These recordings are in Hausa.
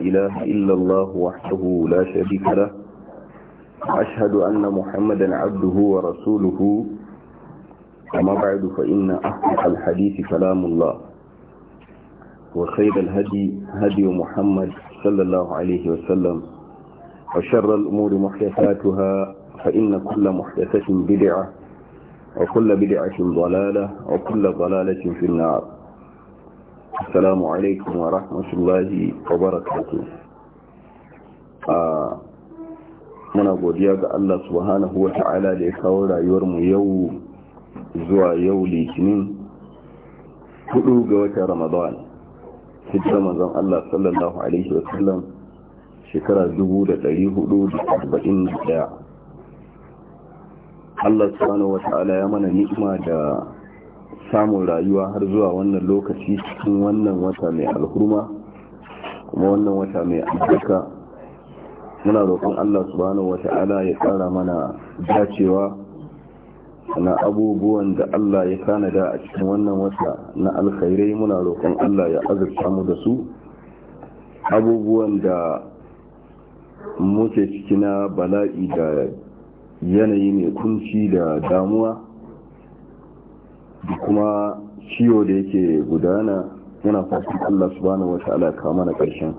إله إلا الله وحده لا شريك له وأشهد أن محمدا عبده ورسوله أما بعد فإن أحق الحديث كلام الله وخير الهدي هدي محمد صلى الله عليه وسلم وشر الأمور محدثاتها فإن كل محدثة بدعة وكل بدعة ضلالة وكل ضلالة في النار alaikum wa rahmatullahi wa barakatu. muna godiya ga Allah subhanahu wa ta'ala da ya kawo rayuwarmu yau zuwa yau litinin hudu ga watan ramadan hijira manzon Allah sallallahu alaihi wa sallam shekara 1441 Allah subhanahu wa ta'ala ya mana ni'ima da samun rayuwa har zuwa wannan lokaci cikin wannan wata mai alhurma kuma wannan wata mai albarka muna roƙon Allah subhanahu wata'ala ya ƙara mana dacewa na abubuwan da Allah ya da a cikin wannan wata na alkhairai muna roƙon Allah ya azurta mu da su abubuwan da muke ciki na bala'i da yanayi mai kunci da damuwa da kuma ciwo da yake gudana muna fatan Allah subhanahu wa ta'ala ka mana karshen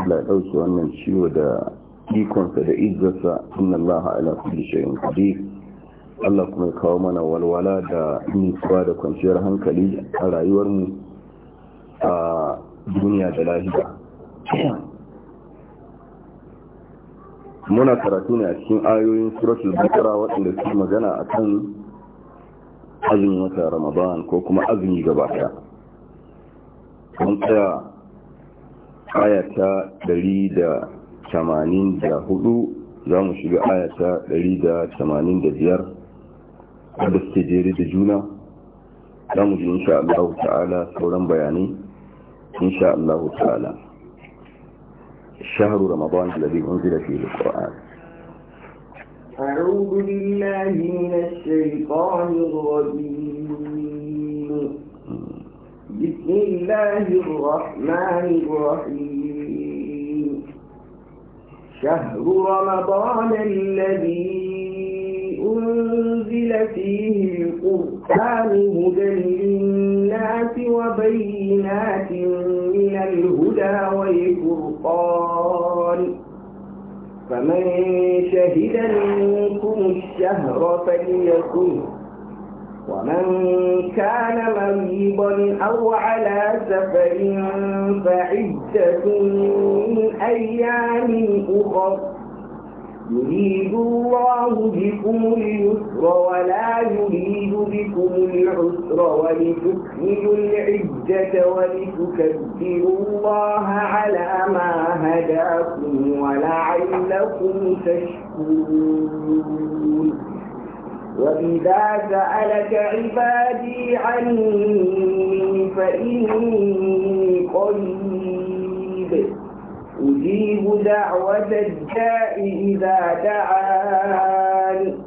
Allah ya wannan ciwo da ikonsa da izzarsa inna Allah ala kulli shay'in qadir Allah kuma ya kawo mana walwala da nutsuwa da kwanciyar hankali a rayuwar mu a duniya da lahira muna karatu ne a cikin ayoyin suratul bakara waɗanda suke magana akan azumin wata ramadan ko kuma azumi gaba ɗaya mun tsaya ayata 184 za mu shiga ayata 185 wadda suke jere da juna za mu ji insha Allah ta'ala sauran bayanai insha Allah ta'ala شهر رمضان الذي ke da القرآن أعوذ بالله من الشيطان الرجيم بسم الله الرحمن الرحيم شهر رمضان الذي أنزل فيه القرآن هدى للناس وبينات من الهدى والفرقان فمن شهد منكم الشهر فليكن ومن كان مريضا أو على سفر فعدة من أيام أخر يريد الله بكم اليسر ولا يريد بكم العسر ولتكملوا العدة ولتكبروا الله على ما هداكم ولعلكم تشكرون وإذا سألك عبادي عني فإني قريب أجيب دعوة الداء إذا دعان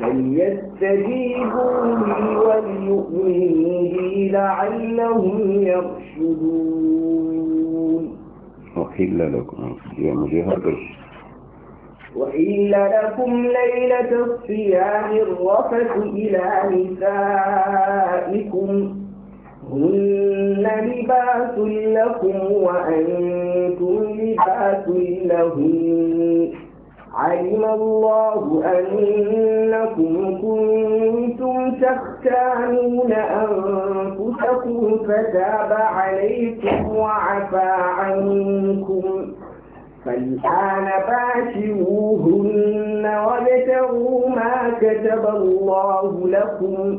فليستجيبوا لي وليؤمنوا بي لعلهم يرشدون وحل لكم يا مجاهد وحل لكم ليلة الصيام الرفث إلى نسائكم هن لباس لكم وأنتم لباس لهم علم الله أنكم كنتم تختانون أنفسكم فتاب عليكم وعفى عنكم فالآن باشروهن وابتغوا ما كتب الله لكم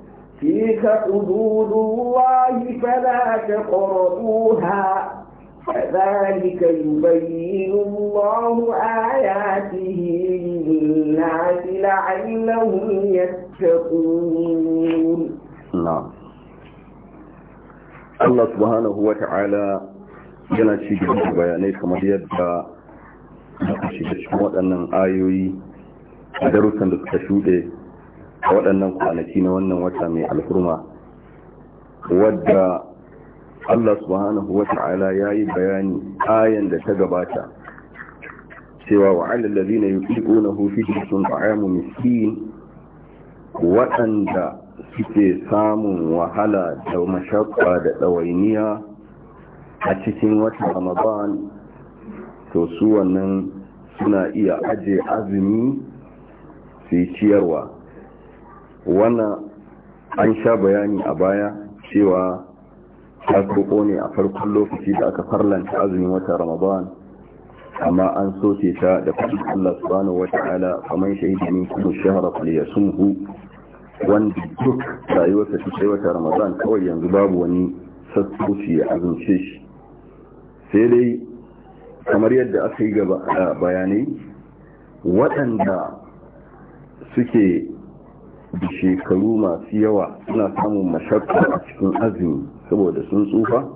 تلك حدود الله فلا تقربوها كذلك يبين الله آياته للناس لعلهم يتقون نعم الله سبحانه وتعالى yana cikin cikin bayanai kamar yadda da cikin waɗannan ayoyi a darussan da suka shuɗe a waɗannan kwanaki na wannan wata mai alfurma wadda Allah subhanahu wa ta'ala ya yi bayani ayan da ta gabata cewa wa alallazi na yuƙiƙo na hufi sun ta'amu miskin waɗanda suke samun wahala da mashakwa da ɗawainiya a cikin wata ramadan to su wannan suna iya aje azumi su yi ciyarwa wannan an sha bayani a baya cewa ta ne a farkon lokaci da aka farlanta azumin wata ramadan amma an ce ta da kudin Allah subhanahu wa ta'ala kamar shahidi ne kuma shahara falyasumhu wanda duk rayuwarsa ta cikin wata ramadan kawai yanzu babu wani sassoci ya azumce shi sai dai kamar yadda aka yi gaba bayanai waɗanda suke da shekaru masu yawa suna samun mashakka a cikin azumi saboda sun tsufa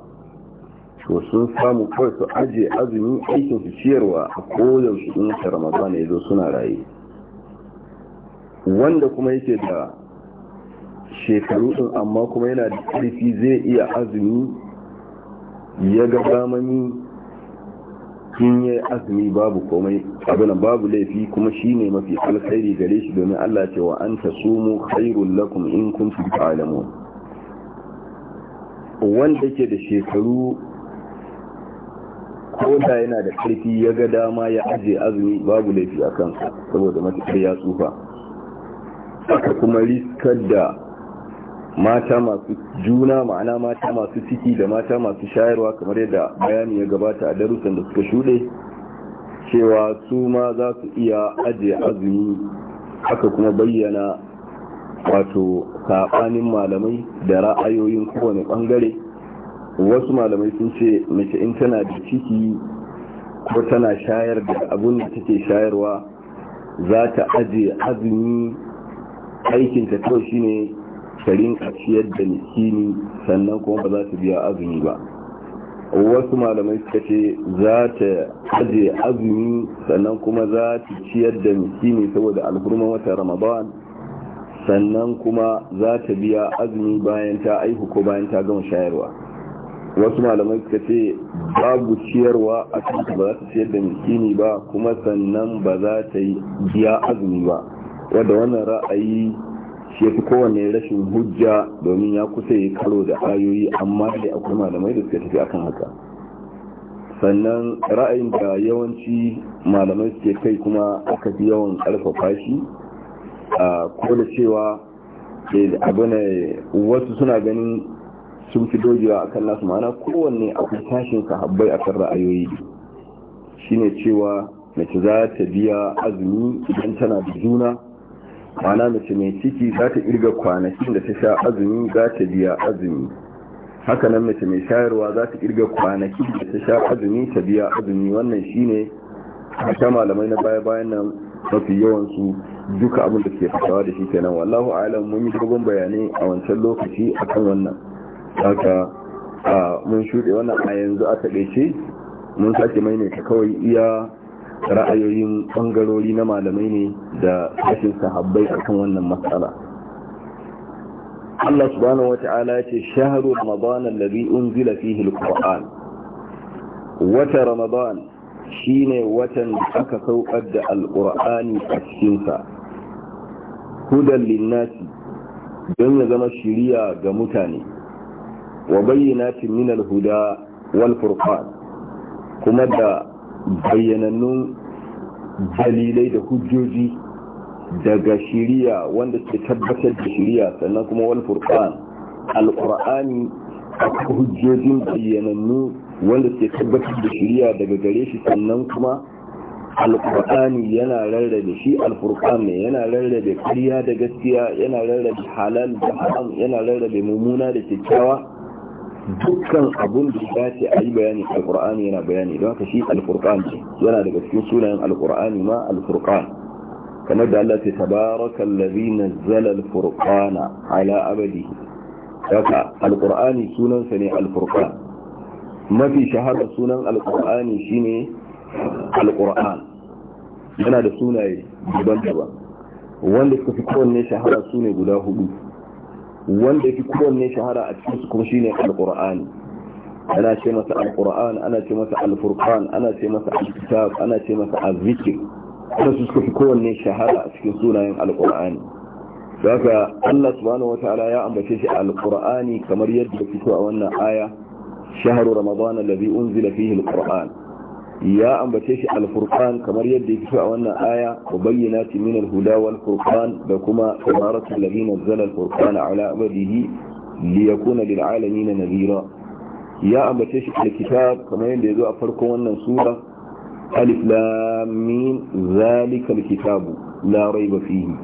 to sun samu kawai su aje azumi aikin su ciyarwa a koyaushe in ta ramadan ya zo suna raye wanda kuma yake da shekaru din amma kuma yana da ƙarfi zai iya azumi ya ga zamani in yi azumi babu komai abin babu laifi kuma shine mafi alkhairi gare shi domin Allah ce wa an ta sumu khairul lakum in kuntum ta'lamun wanda ke da shekaru ko da yana da karfi ya ga dama ya aje azumi babu laifi a kansa saboda matakar ya tsufa aka kuma riskar da mata masu juna ma'ana mata masu ciki da mata masu shayarwa kamar yadda bayani ya gabata a darussan da suka shuɗe cewa su ma za su iya ajiye azumi haka kuma bayyana wato saɓanin malamai da ra'ayoyin kowane ɓangare wasu malamai sun ce mace in tana da ciki ko tana shayar da abun da take shayarwa za ta ajiye azumi aikinta kawai shine ta a ciyar da miskini sannan kuma ba za ta biya azumi ba wasu malamai suka ce za ta aje azumi sannan kuma za ta ciyar da miskini saboda alhurman wata ramadan sannan kuma za ta biya azumi bayan ta aihu ko bayan ta gama shayarwa wasu malamai suka ce babu ciyarwa a cikin ba za ta ciyar da miskini ba kuma sannan ba za ta biya azumi ba wadda wannan ra'ayi shi fi kowanne rashin hujja domin ya kusa yi karo da ayoyi amma da akwai malamai da suka tafi akan haka sannan ra'ayin da yawanci malamai suke kai kuma aka fi yawan karfafa shi a cewa eh, abinai wasu suna ganin sun fi dogewa akan nasu mana kowanne akwai tashin sahabbai akan ra'ayoyi shine cewa mace za ta biya azumi idan tana da juna mana mace mai ciki za ta irga kwanakin da ta sha azumi za ta biya azumi hakanan mace mai shayarwa za ta irga kwanakin da ta sha azumi ta biya azumi wannan shine ta malamai na baya-bayan nan mafi yawansu duka abin da ke fasawa da shi kenan wallahu alam mun yi dogon bayanai a wancan lokaci akan wannan haka mun shuɗe wannan a yanzu a taɗaice mun sake maimaita kawai iya ra'ayoyin bangarori na malamai ne da kashin sahabbai akan wannan matsala Allah subhanahu Ta'ala ya ce shaharu ramadan alladhi unzila fihi quran wata ramadan shine watan da aka saukar da Al-Qur'ani a cikin sa hudan linasi don ya zama shiriya ga mutane wa bayyinatin min alhuda wal furqan kuma da bayyanannun dalilai da hujjoji daga shiriya wanda ke tabbatar da shiriya sannan kuma wal furqan alqur'ani hujjojin bayyanannu wanda ke tabbatar da shiriya daga gare shi sannan kuma alqur'ani yana rarrabe shi alfurqan ne yana rarrabe ƙarya da gaskiya yana rarrabe halal da haram yana rarrabe mumuna da kyakkyawa dukkan abun da ya ce a yi bayani alkur'ani yana bayani don haka shi alkur'an ce yana daga cikin sunayen alkur'ani ma alkur'an kamar da Allah ce tabarakan lazi na zalal furkana ala abadi haka alkur'ani sunansa ne alkur'an mafi shahara sunan alkur'ani shine alkur'an yana da sunaye daban-daban wanda suka fi kowanne shahara su ne guda hudu wanda yake kowanne shahara a cikin su kuma shine alqur'ani ana ce masa alqur'an ana ce masa alfurqan ana ce masa alkitab ana ce masa azzikir da su suka fi kowanne shahara a cikin sunayen alqur'ani saka Allah subhanahu wataala ya ambace shi alqur'ani kamar yadda fito a wannan aya shahru ramadan alladhi unzila fihi alqur'an ya ambace shi kamar yadda ya fito a wannan aya wa bayyana min alhuda wal da kuma tabaraka alladhi nazzala alfurqana ala abdihi liyakuna lil na nazira. ya ambace shi alkitab kamar yadda yazo a farkon wannan sura alif lam mim zalika alkitabu la rayba fihi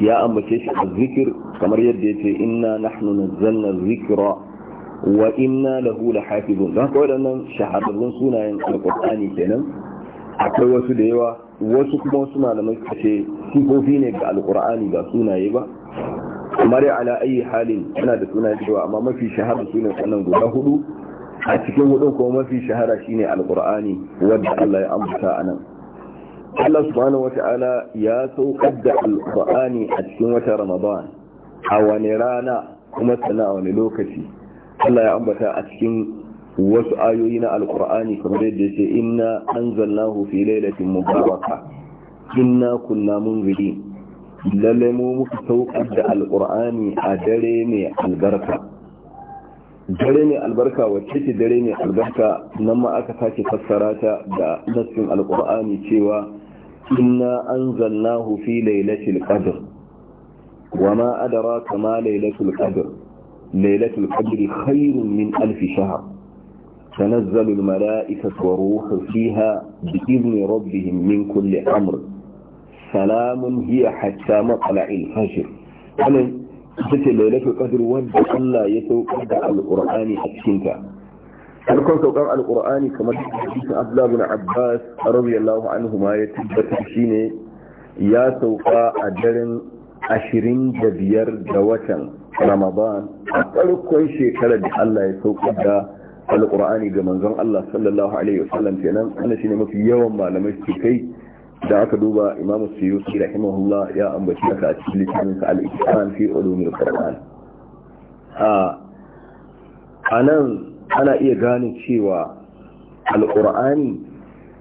ya ambace shi azzikr kamar yadda yace inna nahnu nazzalna zikira. wa inna lahu dan ko dan nan shahadun sunayen alqur'ani kenan akwai wasu da yawa wasu kuma wasu malamai suka ce sifofi ne ga alqur'ani ba sunaye ba kamar ya ala ayi halin yana da sunaye cewa amma mafi shahara sunan sannan guda hudu a cikin hudun kuma mafi shahara shine alqur'ani wanda Allah ya ambata a nan Allah subhanahu wata'ala ya saukar da alqur'ani a cikin wata ramadan a wani rana kuma sana a wani lokaci Allah ya ambata a cikin wasu ayoyi na alkur'ani kamar yadda ya ce inna anzalnahu fi lailatin mubaraka inna kunna munzirin lalle mu muka saukar da alkur'ani a dare mai albarka dare mai albarka wacce ce dare mai albarka nan ma aka sake fassara ta da nassin alkur'ani cewa inna anzalnahu fi lailatul qadr wa ma adraka ma lailatul qadr lailatul qadri khairun min alf shahr tanazzalu al mala'ikatu wa ruhu fiha bi min kulli amr salamun hiya hatta matla'il fajr wannan ita ce lailatul qadr wanda Allah ya saukar da alqur'ani a cikinta. ta farkon saukan alqur'ani kamar hadisi Abdullah bin Abbas radiyallahu anhu ma ya tabbatar shine ya sauka a daren ashirin da biyar ga watan ramadan a farkon shekarar da Allah ya sauka da alqur'ani ga manzon Allah sallallahu alaihi wasallam kenan wannan shine mafi yawan malamai su kai da aka duba imam suyuti rahimahullah ya ambaci aka a cikin littafin sa al-ihsan fi ulumil qur'an a anan ana iya gane cewa alqur'ani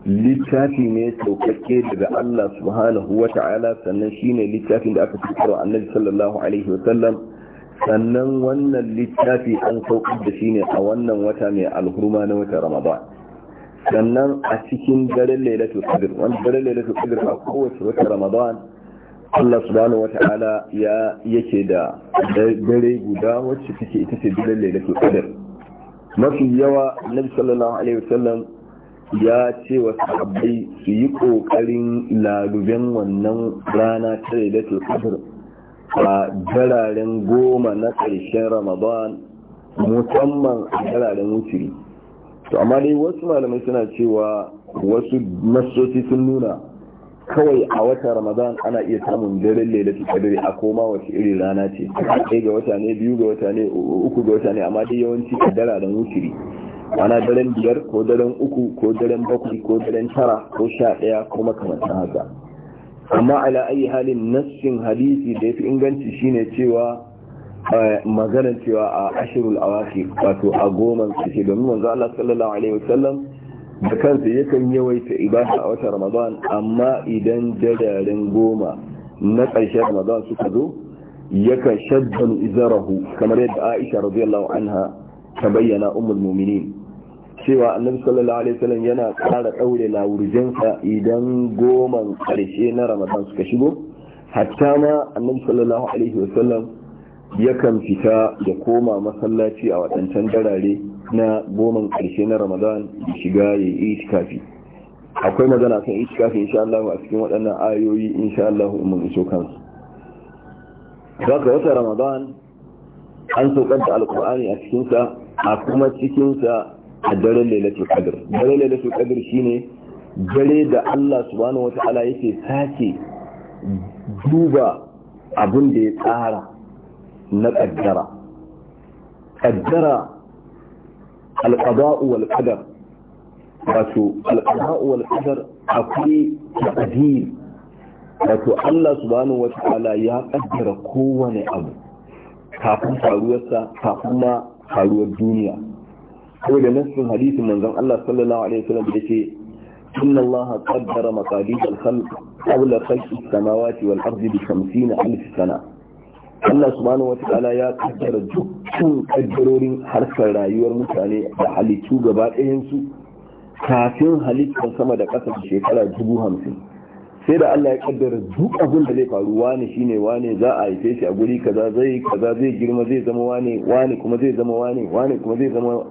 littafi ne saukakke daga Allah subhanahu wa ta'ala sannan shine littafin da aka fitar wa annabi sallallahu alaihi wa sallam sannan wannan littafi an saukar da shi ne a wannan wata mai alhurma na wata ramadan sannan a cikin daren lailatul qadr wanda daren lailatul qadr a kowace wata ramadan Allah subhanahu wata'ala ya yake da dare guda wacce take ita ce daren lailatul qadr mafi yawa annabi sallallahu alaihi wasallam ya ce wa sahabbai su yi kokarin laluben wannan rana ta lailatul qadr a jararen goma na ƙarshen ramadan musamman a jararen wuturi to amma dai wasu malamai suna cewa wasu masoci sun nuna kawai a watan ramadan ana iya samun daren lailatul qadri a koma wasu irin rana ce ɗaya ga wata ne biyu ga wata ne uku ga wata ne amma dai yawanci a jararen wuturi ana daren biyar ko daren uku ko daren bakwai ko daren tara ko sha ɗaya ko makamantan haka amma ala ayi halin nassin hadisi da yafi inganci shine cewa eh, maganar cewa a ashirul awaki wato a goman karshe domin manzo Allah sallallahu alaihi wasallam da kansa yakan yawaita ibada a watan Ramadan amma idan jadarin goma na ƙarshen Ramadan suka zo yakan shaddan izarahu kamar yadda Aisha radiyallahu anha ta bayyana ummul mu'minin cewa annabi sallallahu alaihi wasallam yana ƙara ɗaure lawurjinsa idan goman ƙarshe na ramadan suka shigo hatta ma annabi sallallahu alaihi wasallam yakan fita ya koma masallaci a waɗancan darare na goman ƙarshe na ramadan ya shiga ya yi itikafi akwai magana kan itikafi insha Allah a cikin waɗannan ayoyi insha Allah mun iso kansu zaka wata ramadan an saukar da alkur'ani a cikinsa a kuma cikinsa a daren lailatul qadr daren lailatul qadr shine dare da Allah subhanahu wata'ala yake sake duba abin da ya tsara na kaddara kaddara alqada'u wal qadar wato alqada'u wal qadar akwai taqdir wato Allah subhanahu wata'ala ya kaddara kowane abu kafin faruwarsa kafin ma faruwar duniya kawai da nassin hadisin manzon Allah sallallahu alaihi wasallam da ce inna Allah qaddara maqadir al-khalq qabla khalqi as-samawati wal ardi bi 50000 sana Allah subhanahu wata'ala ya kaddara dukkan kaddarorin harkar rayuwar mutane da halittu gaba ɗayan su kafin halittar sama da ƙasa shekara dubu hamsin sai da Allah ya kaddara duk abin da zai faru wane shine wane za a haife shi a guri kaza zai kaza zai girma zai zama wane wane kuma zai zama wane wane kuma zai zama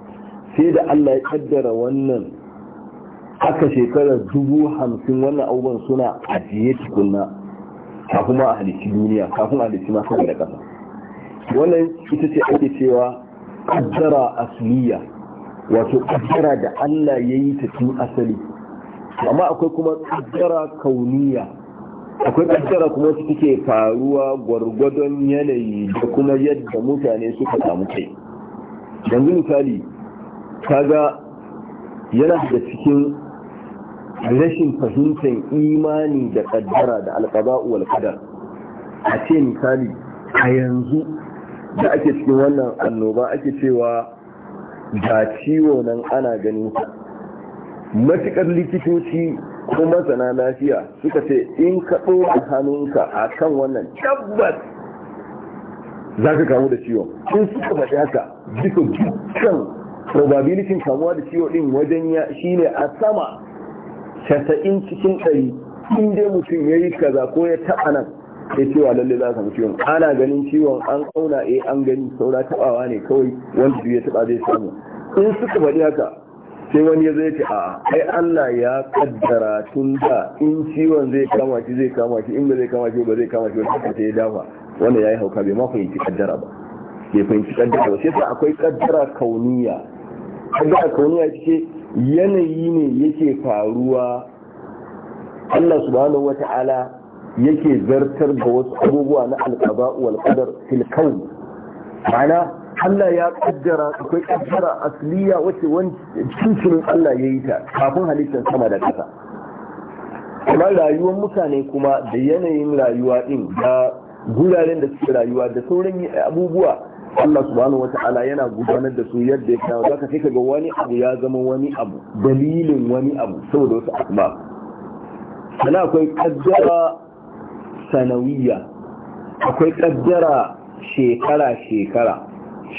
sai da Allah ya kaddara wannan haka shekarar dubu hamsin wannan abubuwan suna ajiye tukunna kafin ma a halici duniya kafin a halici masu da ƙasa wannan ita ce ake cewa kaddara asliya wato kaddara da Allah ya yi ta tun asali amma akwai kuma kaddara kauniya akwai kaddara kuma su take faruwa gwargwadon yanayi da kuma yadda mutane suka samu kai yanzu misali kaga yana da cikin rashin fahimtar imani da kaddara da alƙaza'u wal qadar a ce misali a yanzu da ake cikin wannan annoba ake cewa da ciwo nan ana ganin sa matukar likitoci ko masana lafiya suka ce in ka ɗora hannunka a kan wannan tabbas za ka kamu da ciwon in suka faɗi haka duka dukkan probabilitin kamuwa da ciwo din wajen ya ne a sama casa'in cikin ɗari in dai mutum ya yi kaza ko ya taɓa nan ya cewa lalle za samu ciwon ana ganin ciwon an kauna eh an gani saura taɓawa ne kawai wanda ya taɓa zai samu in suka faɗi haka sai wani ya zai ce a ai Allah ya kaddara tun da in ciwon zai kama shi zai kama shi in ba zai kama shi ba zai kama shi ba haka ta ya dafa wanda ya yi hauka bai ma fahimci kaddara ba bai fahimci kaddara ba sai akwai kaddara kauniya kaga a kauniya ce yanayi ne yake faruwa Allah subhanahu wata'ala yake zartar da wasu abubuwa na alkaba wal qadar fil kawn ma'ana Allah ya kaddara akwai kaddara asliya wacce cikin Allah ya yi ta kafin halittar sama da ƙasa Kuma rayuwar mutane kuma da yanayin rayuwa din da guraren da suke rayuwa da sauran abubuwa Allah subhanahu wata'ala yana gudanar da su yadda ya kawo zaka sai ga wani abu ya zama wani abu dalilin wani abu saboda wasu asbab sana akwai kaddara sanawiyya akwai kaddara shekara shekara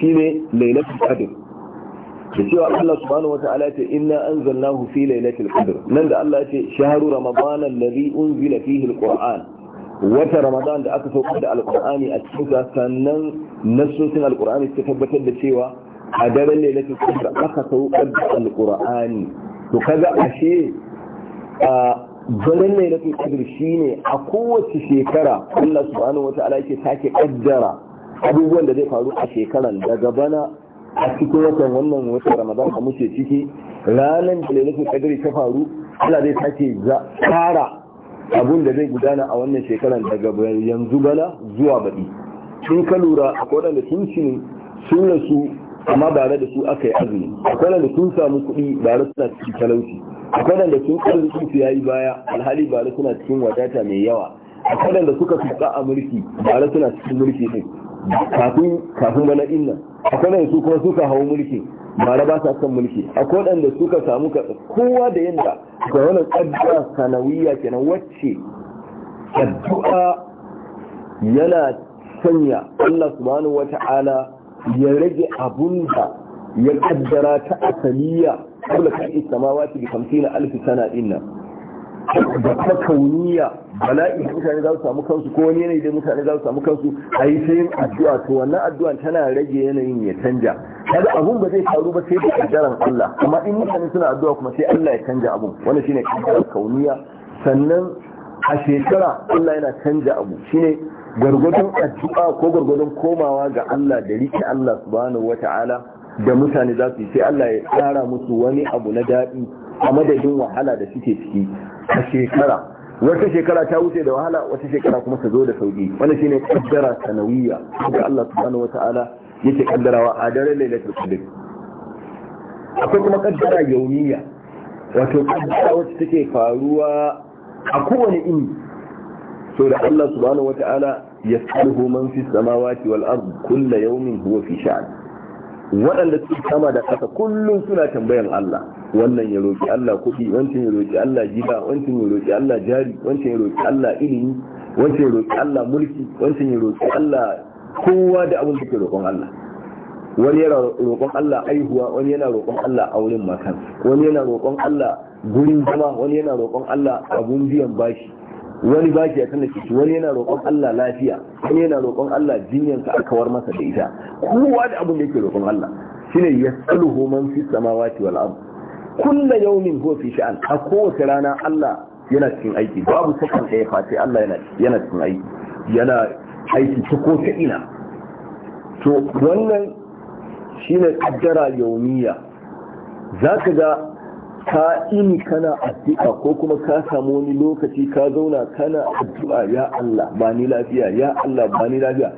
ne lailatul qadr da cewa Allah subhanahu wata'ala ce inna anzalnahu fi lailatul qadr nan da Allah ya ce shahru ramadan alladhi unzila fihi alquran wata ramadan da aka saukar da alkur'ani a cikinsa sannan nassosin alkur'ani suka tabbatar da cewa a daren lailatul qadr aka saukar da alkur'ani to kaga ashe a daren lailatul qadr shine a kowace shekara Allah subhanahu ta'ala yake sake kaddara abubuwan da zai faru a shekaran daga bana a cikin watan wannan wata ramadan da muke ciki ranar da lailatul qadr ta faru Allah zai sake tsara abun da zai gudana a wannan shekarar daga yanzu bana zuwa baɗi sun ka lura akwai da sun ci sun rasu amma ba da su aka yi azumi akwai da sun samu kuɗi ba da suna cikin talauci akwai da sun arziki su yi baya alhali ba da suna cikin wadata mai yawa akwai da suka fita a mulki da suna cikin mulki ɗin kafin kafin bana inna akwai da su kuma suka hawo mulki bara ba sa son mulki akwai da suka samu ka kowa da yanda ga wannan tsadda sanawiya kenan wacce addu'a yana sanya Allah subhanahu wata'ala ya rage abunda ya kaddara ta asaliya kabla kan isamawati bi 50 alf da kuma kauniya bala'i da mutane za su samu kansu ko wani yanayi da mutane za su samu kansu a yi ta yin addu'a to wannan addu'a tana rage yanayin ya canja kaga abun ba zai faru ba sai da kaddaran Allah amma in mutane suna addu'a kuma sai Allah ya canja abu. wannan shine kaddaran kauniya sannan a shekara Allah yana canja abu shine gwargwadon addu'a ko gwargwadon komawa ga Allah da rike Allah subhanahu wata'ala da mutane za su yi sai Allah ya tsara musu wani abu na daɗi a madadin wahala da suke ciki a shekara wata shekara ta wuce da wahala wata shekara kuma ta zo da sauki Wani shine kaddara sanawiyya da Allah subhanahu wata'ala yake kaddarawa a dare lailatul qadr akwai kuma kaddara yaumiyya wato kaddara wacce take faruwa a kowane ini so da Allah subhanahu wata'ala yas'aluhu man fis samawati wal ard kullu yawmin huwa fi sha'an waɗanda suke kama da ƙasa kullum suna tambayan Allah wannan ya roƙi Allah kuɗi wancan ya roƙi Allah gida wancan ya roƙi Allah jari wancan ya roƙi Allah ilimi wancan ya roƙi Allah mulki wancan ya roƙi Allah kowa da abin da ke roƙon Allah wani yana roƙon Allah aihuwa wani yana roƙon Allah auren makan wani yana roƙon Allah gurin zama wani yana roƙon Allah abun biyan bashi wani baki ya tana shi wani yana roƙon Allah lafiya wani yana roƙon Allah jinyan ka akawar masa da ita kowa da abin da yake roƙon Allah shine yasaluhu man fi samawati wal ard kullu yawmin huwa fi sha'an a kowace rana Allah yana cikin aiki babu sakan ɗaya face Allah yana yana cikin aiki yana aiki ta ko ta ina to wannan shine kaddara yawmiya zaka ga ka ini kana addu'a ko kuma ka samu wani lokaci ka zauna kana addu'a ya Allah ba ni lafiya ya Allah ba ni lafiya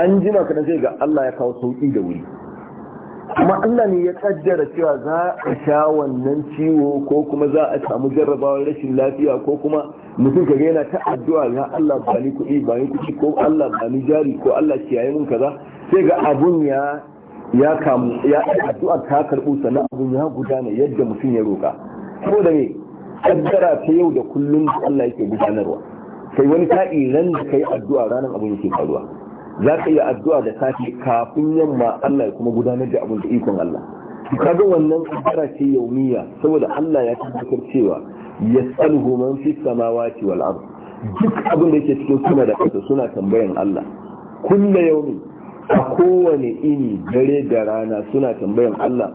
an jima na sai ga Allah ya kawo sauki da wuri amma Allah ne ya kaddara cewa za a sha wannan ciwo ko kuma za a samu jarrabawar rashin lafiya ko kuma mutum ka yana ta addu'a ya Allah ba ni kuɗi ba ni kuɗi ko Allah ba ni jari ko Allah kiyaye mun kaza sai ga abun ya ya kamu ya addu'a ta karbu sannan abun ya gudana yadda mutum ya roka da me kaddara ta yau da kullum da Allah yake gudanarwa kai wani sa'i ran da kai addu'a ranar abun yake faruwa za ka yi addu'a da safi kafin yamma Allah ya kuma gudanar da abun da ikon Allah ka ga wannan kaddara ce yaumiya saboda Allah ya tabbatar cewa yas'aluhu man fi samawati wal ard duk abin da yake cikin sama da kasa suna tambayan Allah kullu yauni. a kowane ini dare da rana suna tambayan Allah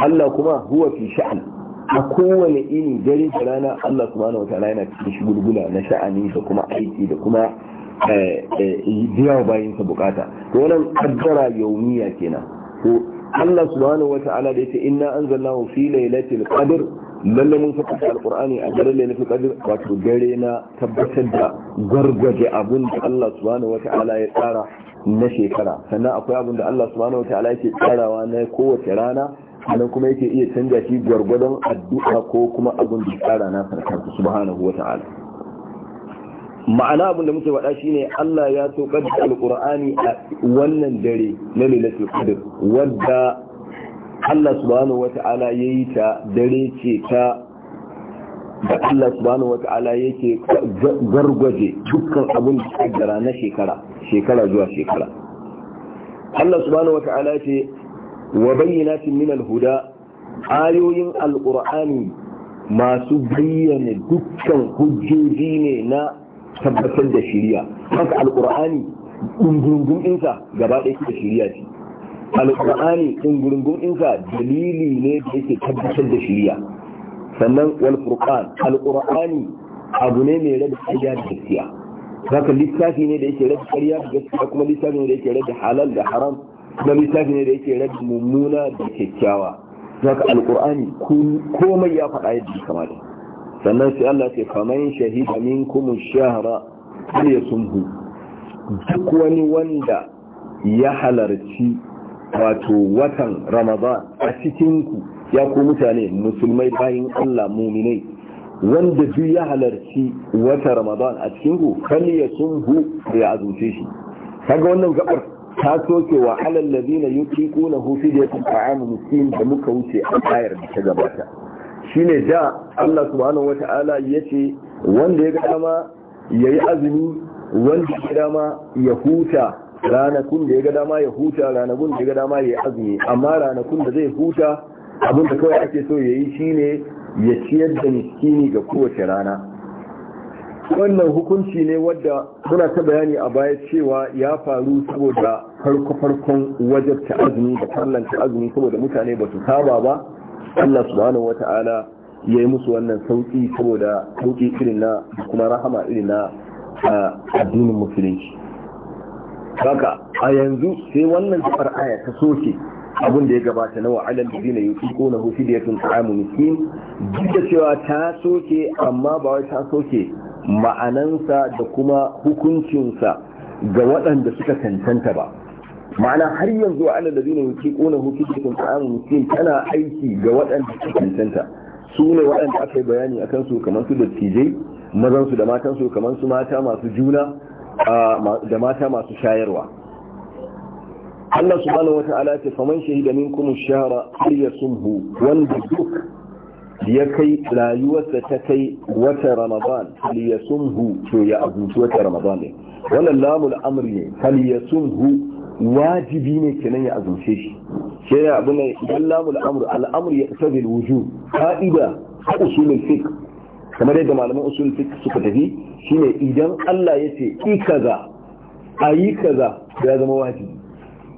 Allah kuma huwa fi sha'an a kowane ini dare da rana Allah na wataala yana cikin shugulgula na sha'ani da kuma aiki da kuma eh, eh, biya bayan sa bukata to wannan qaddara yaumiya kenan to Allah subhanahu wataala da yace inna anzalnahu fi lailatul qadr lalle mun saka alqur'ani a daren lailatul qadr wato dare na tabbatar da gargaje abun da Allah subhanahu wataala ya tsara na shekara sannan akwai abin da Allah subhanahu wataala yake tsarawa na kowace rana sannan kuma yake iya canja shi gwargwadon addu'a ko kuma abin da tsara na sarkarsa subhanahu wataala ma'ana abin da muke faɗa shine Allah ya saukar da alqur'ani a wannan dare na lailatul qadr wanda Allah subhanahu wataala yayi ta dare ce ta da Allah subhanahu wa ta'ala yake gargwaje dukkan abin da gara na shekara shekara zuwa shekara Allah subhanahu wa ta'ala ce wa bayyinatin min al-huda ayoyin al-qur'ani masu bayyana dukkan hujjoji ne na tabbatar da shari'a haka al-qur'ani dungurungun insa gaba ɗaya da shari'a ce al-qur'ani dungurungun insa dalili ne da yake tabbatar da shari'a. sannan wal furqan alqur'ani abu ne mai rabu ƙarya da gaskiya ka littafi ne da yake rabu ƙarya da gaskiya kuma littafi ne da yake rabu halal da haram kuma littafi ne da yake rabu mummuna da kyakkyawa zaka alqur'ani komai ya faɗa yadda ya kamata sannan sai Allah ya faman shahida minkum ash-shahra har ya sumhu duk wani wanda ya halarci wato watan Ramadan a cikin ku ya ku mutane musulmai bayin Allah muminai wanda duk ya halarci wata Ramadan a cikin ku kalli ya hu ya azuce shi kaga wannan gabar ta soke wa alal ladina hu fi da ta'am muslim da muka wuce a ayar da ta gabata shine da Allah subhanahu wata'ala yace wanda ya ga dama yayi azumi wanda ya ga dama ya huta ranakun da ya ga dama ya huta ranakun da ya ga dama ya azumi amma ranakun da zai huta abin da kawai ake so ya yi shi ne ya ciyar da miskini ga kowace rana wannan hukunci ne wadda muna ta bayani a baya cewa ya faru saboda farko-farkon wajabta azumi da farlanta azumi saboda mutane ba su saba ba Allah subhanahu wata'ala ya yi musu wannan sauki saboda sauki irin na kuma rahama irin na addinin musulunci haka a yanzu sai wannan zafar aya ta soke abin da ya gabata na wa'alar da zina yuki ko na hufi da ya tunta amu miskin duk da cewa ta soke amma ba wai ta soke ma'anansa da kuma hukuncinsa ga waɗanda suka cancanta ba ma'ana har yanzu wa'alar da zina yuki ko na hufi da ya tunta amu miskin tana aiki ga waɗanda suka cancanta su ne waɗanda aka yi bayani a kansu kamar su dattijai mazansu da matansu kamar su mata masu juna da mata masu shayarwa Allah subhanahu wata'ala ce faman shahida minkum shahra falyasumhu wanda duk ya kai rayuwarsa ta kai wata ramadan falyasumhu to ya abuci wata ramadan ne wannan lamul amri ne falyasumhu wajibi ne kenan ya azumce shi sai ya abu ne idan lamul amru al'amru ya tabil wuju ka'ida usulul fiqh kamar yadda malaman usulul fiqh suka tafi shine idan Allah ya ce ikaza kaza ayi kaza ya zama wajibi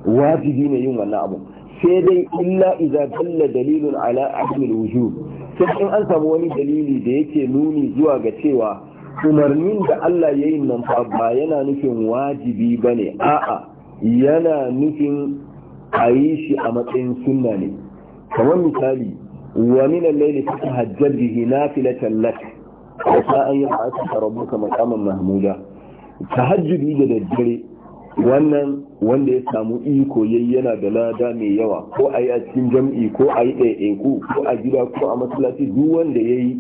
wajibi ne yin wannan abu sai dai illa idza dalla dalilun ala ahli alwujub sai in an samu wani dalili da yake nuni zuwa ga cewa umarnin da Allah ya yi nan fa ba yana nufin wajibi bane a'a yana nufin a yi shi a matsayin sunna ne kamar misali wa min al-layli fatahajjal bihi nafilatan lak wa sa an rabbuka maqaman mahmuda tahajjudi da daddare wannan wanda ya samu iko yayi yana da lada mai yawa ko a yi a cikin jam'i ko a yi ɗaiɗaiku ko a gida ko a masallaci duk wanda ya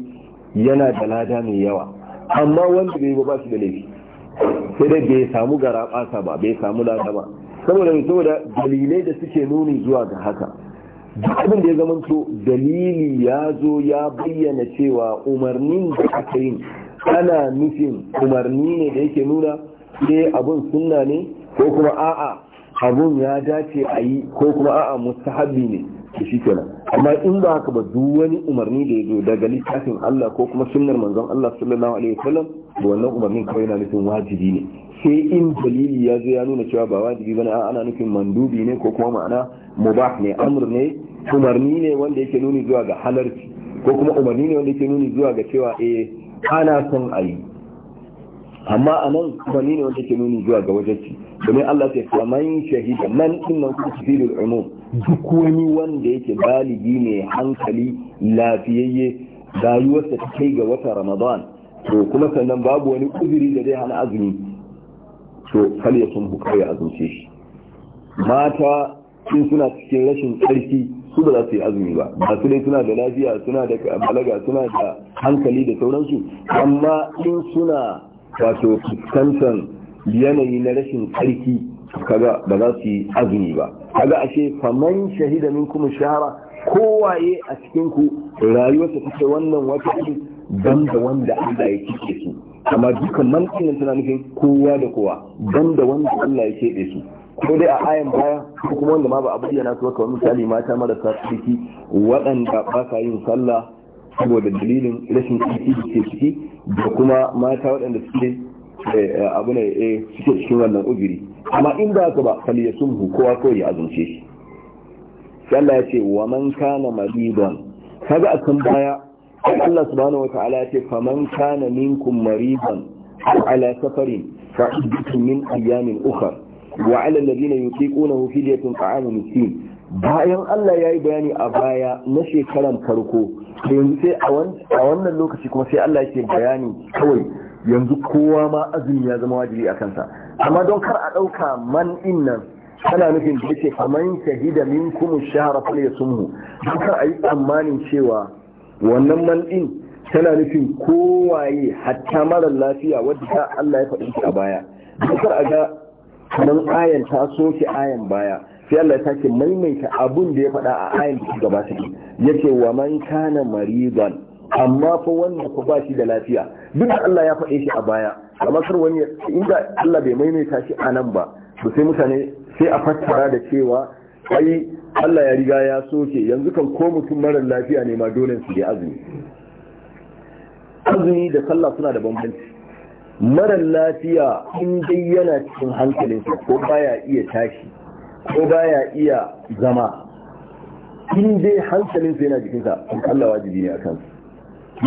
yana da lada mai yawa amma wanda bai ba shi da laifi sai dai bai samu gara ɓasa ba bai samu lada ba saboda mai saboda dalilai da suke nuni zuwa ga haka duk abin da ya zama zamanto dalili ya zo ya bayyana cewa umarnin da aka yi ana nufin umarni ne da yake nuna sai eh, abin sunna ne ko kuma a'a abun ya dace a yi ko kuma a'a mustahabi ne ki shi kenan amma in ba haka ba duk wani umarni da ya zo daga littafin Allah ko kuma sunnar manzon Allah sallallahu alaihi wasallam wannan umarnin kawai yana nufin wajibi ne sai in dalili ya zo ya nuna cewa ba wajibi bane a'a ana nufin mandubi ne ko kuma ma'ana mubah ne amr ne umarni ne wanda yake nuni zuwa ga halarci ko kuma umarni ne wanda yake nuni zuwa ga cewa eh ana son a yi amma anan umarni ne wanda yake nuni zuwa ga wajibi domin Allah ce faman shahida man innan ku tafsirul umum duk wani wanda yake baligi ne hankali lafiyayye rayuwarsa ta kai ga wata ramadan to kuma sannan babu wani kudiri da zai hana azumi to kal ya sun buƙar ya azumce shi mata in suna cikin rashin tsarki su ba za su yi azumi ba ba su dai suna da lafiya suna da balaga suna da hankali da sauransu amma in suna wato fuskantar yanayi na rashin karfi kaga ba za su yi azumi ba kaga ashe faman shahida min kuma shahara kowaye a cikin ku rayuwarsa take wannan wata ce don da wanda Allah ya kike su amma dukan mantin tana nufin kowa da kowa don da wanda Allah ya ke su ko dai a ayan baya ko kuma wanda ma ba a bayyana su wani misali mata marasa ciki waɗanda ba sa yin sallah saboda dalilin rashin ciki da ke ciki da kuma mata waɗanda suke Eh, eh, abu ne a eh, cikin cikin wannan ugiri. amma in ba ka ba fali ya sulhu kowa ko ya azumce shi Allah ya ce wa man kana maridan kaga a kan baya Allah subhanahu wataala ya ce man kana minkum maridon ala safarin fa min ayyamin ukhra wa ala alladhina yutiqunahu fidyatun ta'amu miskin bayan Allah ya yi bayani a baya na shekaran farko yanzu sai a wannan lokaci kuma sai Allah ce bayani kawai yanzu kowa ma azumi ya zama wajibi a kansa amma don kar a ɗauka man ɗin nan tana nufin da yake kamar shahida min kuma shahara fal ya sumu. don kar a yi tsammanin cewa wannan man ɗin tana nufin kowaye hatta mara lafiya wadda ta Allah ya faɗi a baya don kar a ga nan ayan ta soke ayan baya sai Allah ya sake maimaita abun da ya faɗa a ayan da gaba take Yake wa man kana maridan amma fa wanda ku ba shi da lafiya duk Allah ya faɗe shi a baya amma kar wani inda Allah bai maimaita shi a nan ba to sai mutane sai a fassara da cewa ai Allah ya riga ya soke yanzu kan ko mutum marar lafiya ne ma dole su yi azumi azumi da sallah suna da bambanci marar lafiya in dai yana cikin hankalinsa ko baya iya tashi ko baya iya zama in dai hankalinsa yana jikinsa Allah wajibi ne a kansa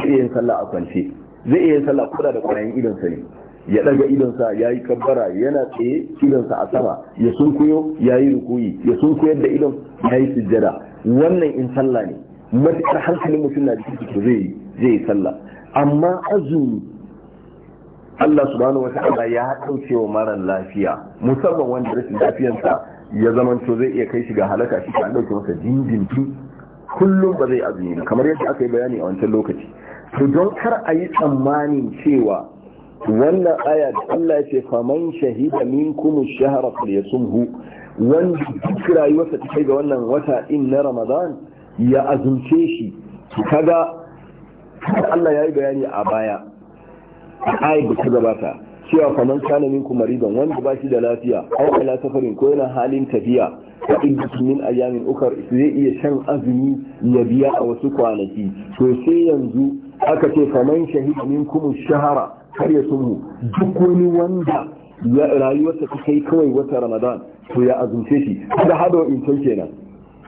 yin sallah a kwance zai iya sallah koda da ƙwayan idonsa ne ya ɗaga idonsa ya yi kabbara yana tsaye idonsa a sama ya sunkuyo ya yi rukuyi ya sunkuyar da idon ya yi sujjada wannan in sallah ne matuƙar hankalin mutum na jikin su zai zai yi sallah amma azumi Allah subhanahu wata'ala ya ɗauke wa mara lafiya musamman wanda rashin lafiyarsa ya to zai iya kai shi ga halaka shi ka dauke masa tun. kullum ba zai azumi kamar yadda aka yi bayani a wancan lokaci to don kar a yi tsammanin cewa wannan aya da Allah ya ce faman shahida minkum ya falyasumhu wanda duk rayuwarsa ta kai ga wannan wata in na Ramadan ya azumce shi kaga Allah ya yi bayani a baya a ayat da ta gabata cewa faman kana minkum maridan wanda ba shi da lafiya aw ala safarin ko yana halin tafiya wa iddatu min ayamin ukar zai iya shan azumi ya biya a wasu kwanaki to sai yanzu aka ce kamar shahid kuma shahara har ya sumu duk wani wanda ya rayuwarsa ta kai kawai wata ramadan to ya azumce shi da hada in kenan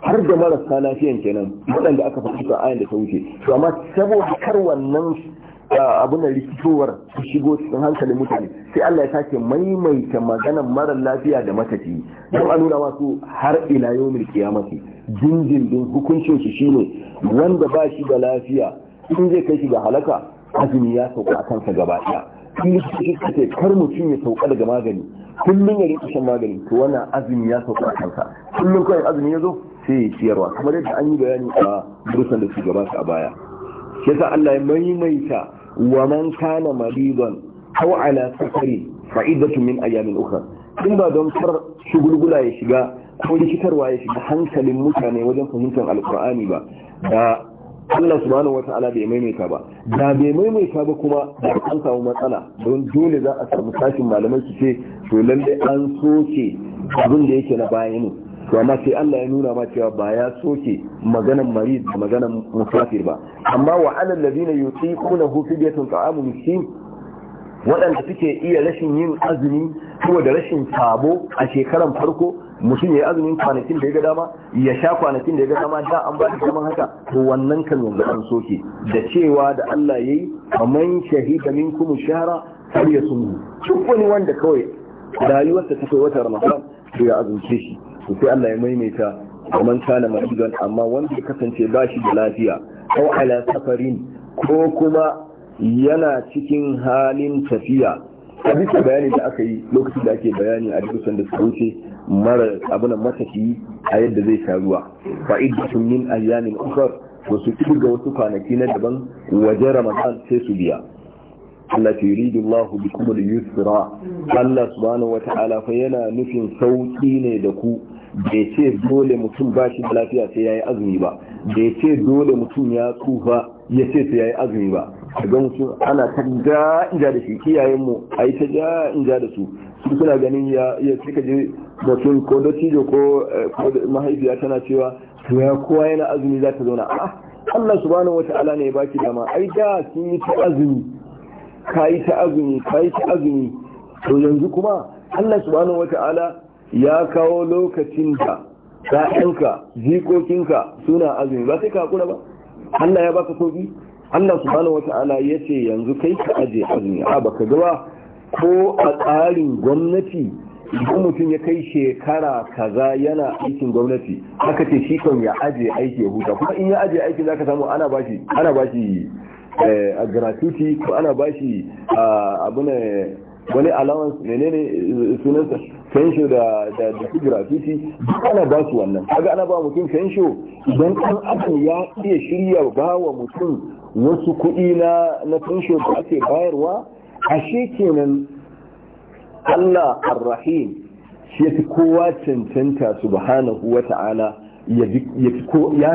har da marasa lafiyan kenan waɗanda aka faɗi a ayan da ta wuce to amma saboda kar wannan abin da rikitowar su shigo cikin hankalin mutane sai Allah ya sake maimaita maganan mara lafiya da matafi don a nuna masu har ila mil kiyamati jinjindin hukuncin su shine wanda ba shi da lafiya in zai kai shi ga halaka azumi ya sauka a kansa gaba ɗaya in shi kace kar mutum ya sauka daga magani kullum ya rinka shan magani to wannan azumi ya sauka a kansa kullum kawai azumi ya zo sai ya ciyarwa kamar yadda an yi bayani a burusan da su gabata a baya yasa Allah ya maimaita wa man kana maridan aw ala safari fa'idatu min ayamin ukhra in ba don far shugulgula ya shiga ko likitarwa ya shiga hankalin mutane wajen fahimtar alqur'ani ba da Allah subhanahu ta'ala bai maimaita ba da bai maimaita ba kuma da an samu matsala don dole za a samu sashin malamai su ce to lalle an soke abin da yake na bayani. to amma sai Allah ya nuna ma cewa ba ya soke maganan marid da maganan musafir ba amma wa alal ladina yutiquna hu fidyatun ta'amu miskin waɗanda suke iya rashin yin azumi kuma da rashin sabo a shekaran farko mutum ya yi azumin kwanakin da ya ga dama ya sha kwanakin da ya ga dama da an ba shi zaman haka to wannan kan yanzu an soke da cewa da Allah ya yayi man shahida minkum shahra falyasum duk wani wanda kawai rayuwarsa ta kai wata ramadan to ya azumce shi to sai Allah ya maimaita man kana maridan amma wanda ya kasance ba shi da lafiya ko ala safarin ko kuma yana cikin halin tafiya a bisa bayani da aka yi lokacin da ake bayani a duk da su wuce mara abin mataki a yadda zai sha ruwa iddatun min ayyamin ukhra wa su ga wasu kwanaki na daban waje ramadan sai su biya Allah ta yuridu Allah bikum al-yusra Allah subhanahu wa ta'ala fa yana nufin sauki ne da ku bai ce dole mutum ba shi da lafiya sai ya yi azumi ba bai ce dole mutum ya tsufa ya ce sai ya yi azumi ba daga mutum ana ta ja'inja da shi iyayenmu a yi ta ja'inja da su su suna ganin ya suka je mutum ko cijo eh, ko mahaifiya tana cewa to ya kowa yana azumi za ta zauna Allah subhanahu wata'ala ne ya baki dama ai da sun yi ta azumi ka yi ta azumi ka yi ta azumi to yanzu kuma Allah subhanahu wata'ala ya kawo lokacin da ɗayanka jikokinka suna azumi ba sai ka hakura ba Allah ya baka sauki Allah subhanahu wata'ala ya ce yanzu kai ka aje azumi a baka gaba ko a tsarin gwamnati idan mutum ya kai shekara kaza yana aikin gwamnati haka ce shi kan ya aje aiki ya huta kuma in ya aje aiki za ka samu ana bashi ana eh, a gratuity ko ana bashi ah, ne wani allowance menene sunansa fensho da da da grafiti duk ana ba su wannan kaga ana ba mutum fensho idan kan adam ya iya shirya ba wa mutum wasu kuɗi na na fensho da ake bayarwa a kenan Allah ar-Rahim shi ya fi kowa cancanta subhanahu wa ta'ala ya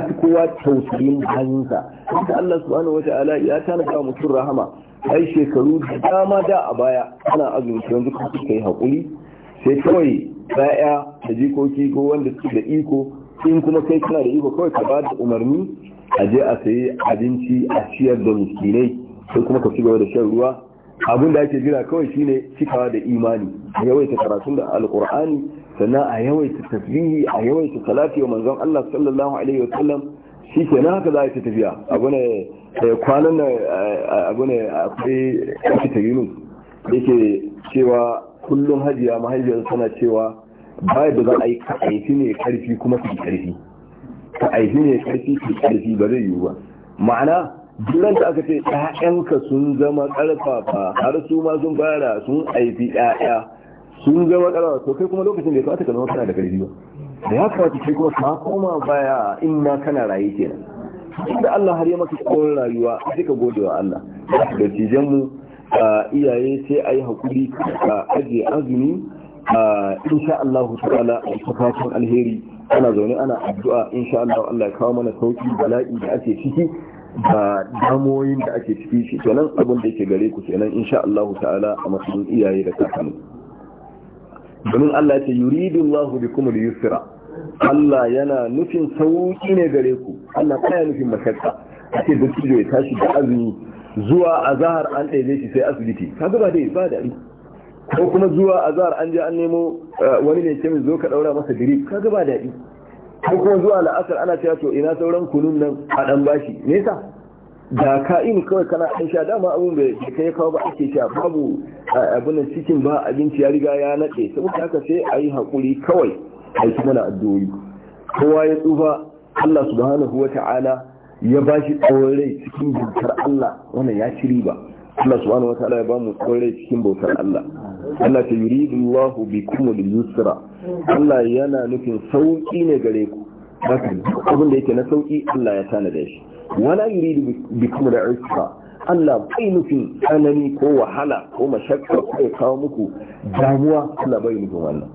fi kowa tausayin bayansa haka Allah subhanahu wa ta'ala ya tanaka mutum rahama ai shekaru da dama da a baya ana azumi yanzu kuka suka yi haƙuri sai kawai ɗaya da jikoki ko wanda suke da iko in kuma kai kana da iko kawai ka ba da umarni a je a sayi abinci a ciyar da miskinai sai kuma ka ci da shan ruwa abin da ake jira kawai shine cikawa da imani a yawaita karatun da alkur'ani sannan a yawaita tasbihi a yawaita salati wa manzon Allah sallallahu alaihi wa sallam shi ke nan haka za a yi tafiya abu ne eh, kwanan eh, eh, abu ne akwai ake yake cewa kullum hajiya mahaifiyar tana cewa bai da za a yi ka aiki ne karfi kuma su karfi ka aiki ne karfi su karfi ba zai yiwu ba ma'ana duran da aka ce ƴaƴanka sun zama ƙarfafa har su ma sun fara sun aiki ƴaƴa sun zama ƙarfafa to kai kuma lokacin da ya kamata ka zama da karfi ba da ya kamata kai kuma ka koma baya in ma kana raye kenan da Allah har ya maka tsawon rayuwa sai ka gode wa Allah da tijan mu a iyaye sai a yi haƙuri a ajiye azumi insha Allah ta'ala a fatan alheri ana zaune ana addu'a insha Allah Allah ya kawo mana sauki bala'i da ake ciki da damoyin da ake ciki shi kenan abin da yake gare ku kenan insha Allah ta'ala a matsayin iyaye da kakanni domin Allah ya ce yuridu Allah bikum da yusra Allah yana nufin sauƙi ne gare ku Allah baya nufin mashakka ake da ya tashi da azumi zuwa a zahar an ɗaiɗe shi sai asibiti kaga ba dai ba daɗi ko kuma zuwa a zahar an je an nemo eh, wani ne kemis zo ka ɗaura masa dirib kaga ba daɗi ko kuma zuwa la'asar ana cewa to ina sauran kunun nan a ɗan bashi nesa da ka in kawai kana an sha dama abin da ya ya kawo ba ake sha babu eh, abin da cikin ba abinci ya riga ya naɗe saboda haka sai a yi haƙuri kawai a yi mana addu'o'i kowa ya tsufa Allah subhanahu wa ta'ala ya ba shi tsawon rai cikin bautar Allah wannan ya ci riba Allah subhanahu wa ta'ala ya ba mu tsawon rai cikin bautar Allah Allah ta yuridu Allah bikum yusra Allah yana nufin sauki ne gare ku haka abin da yake na sauki Allah ya tana da shi wala yuridu bikum da usra Allah bai nufin tsanani ko wahala ko mashakka ko ya kawo muku damuwa Allah bai nufin wannan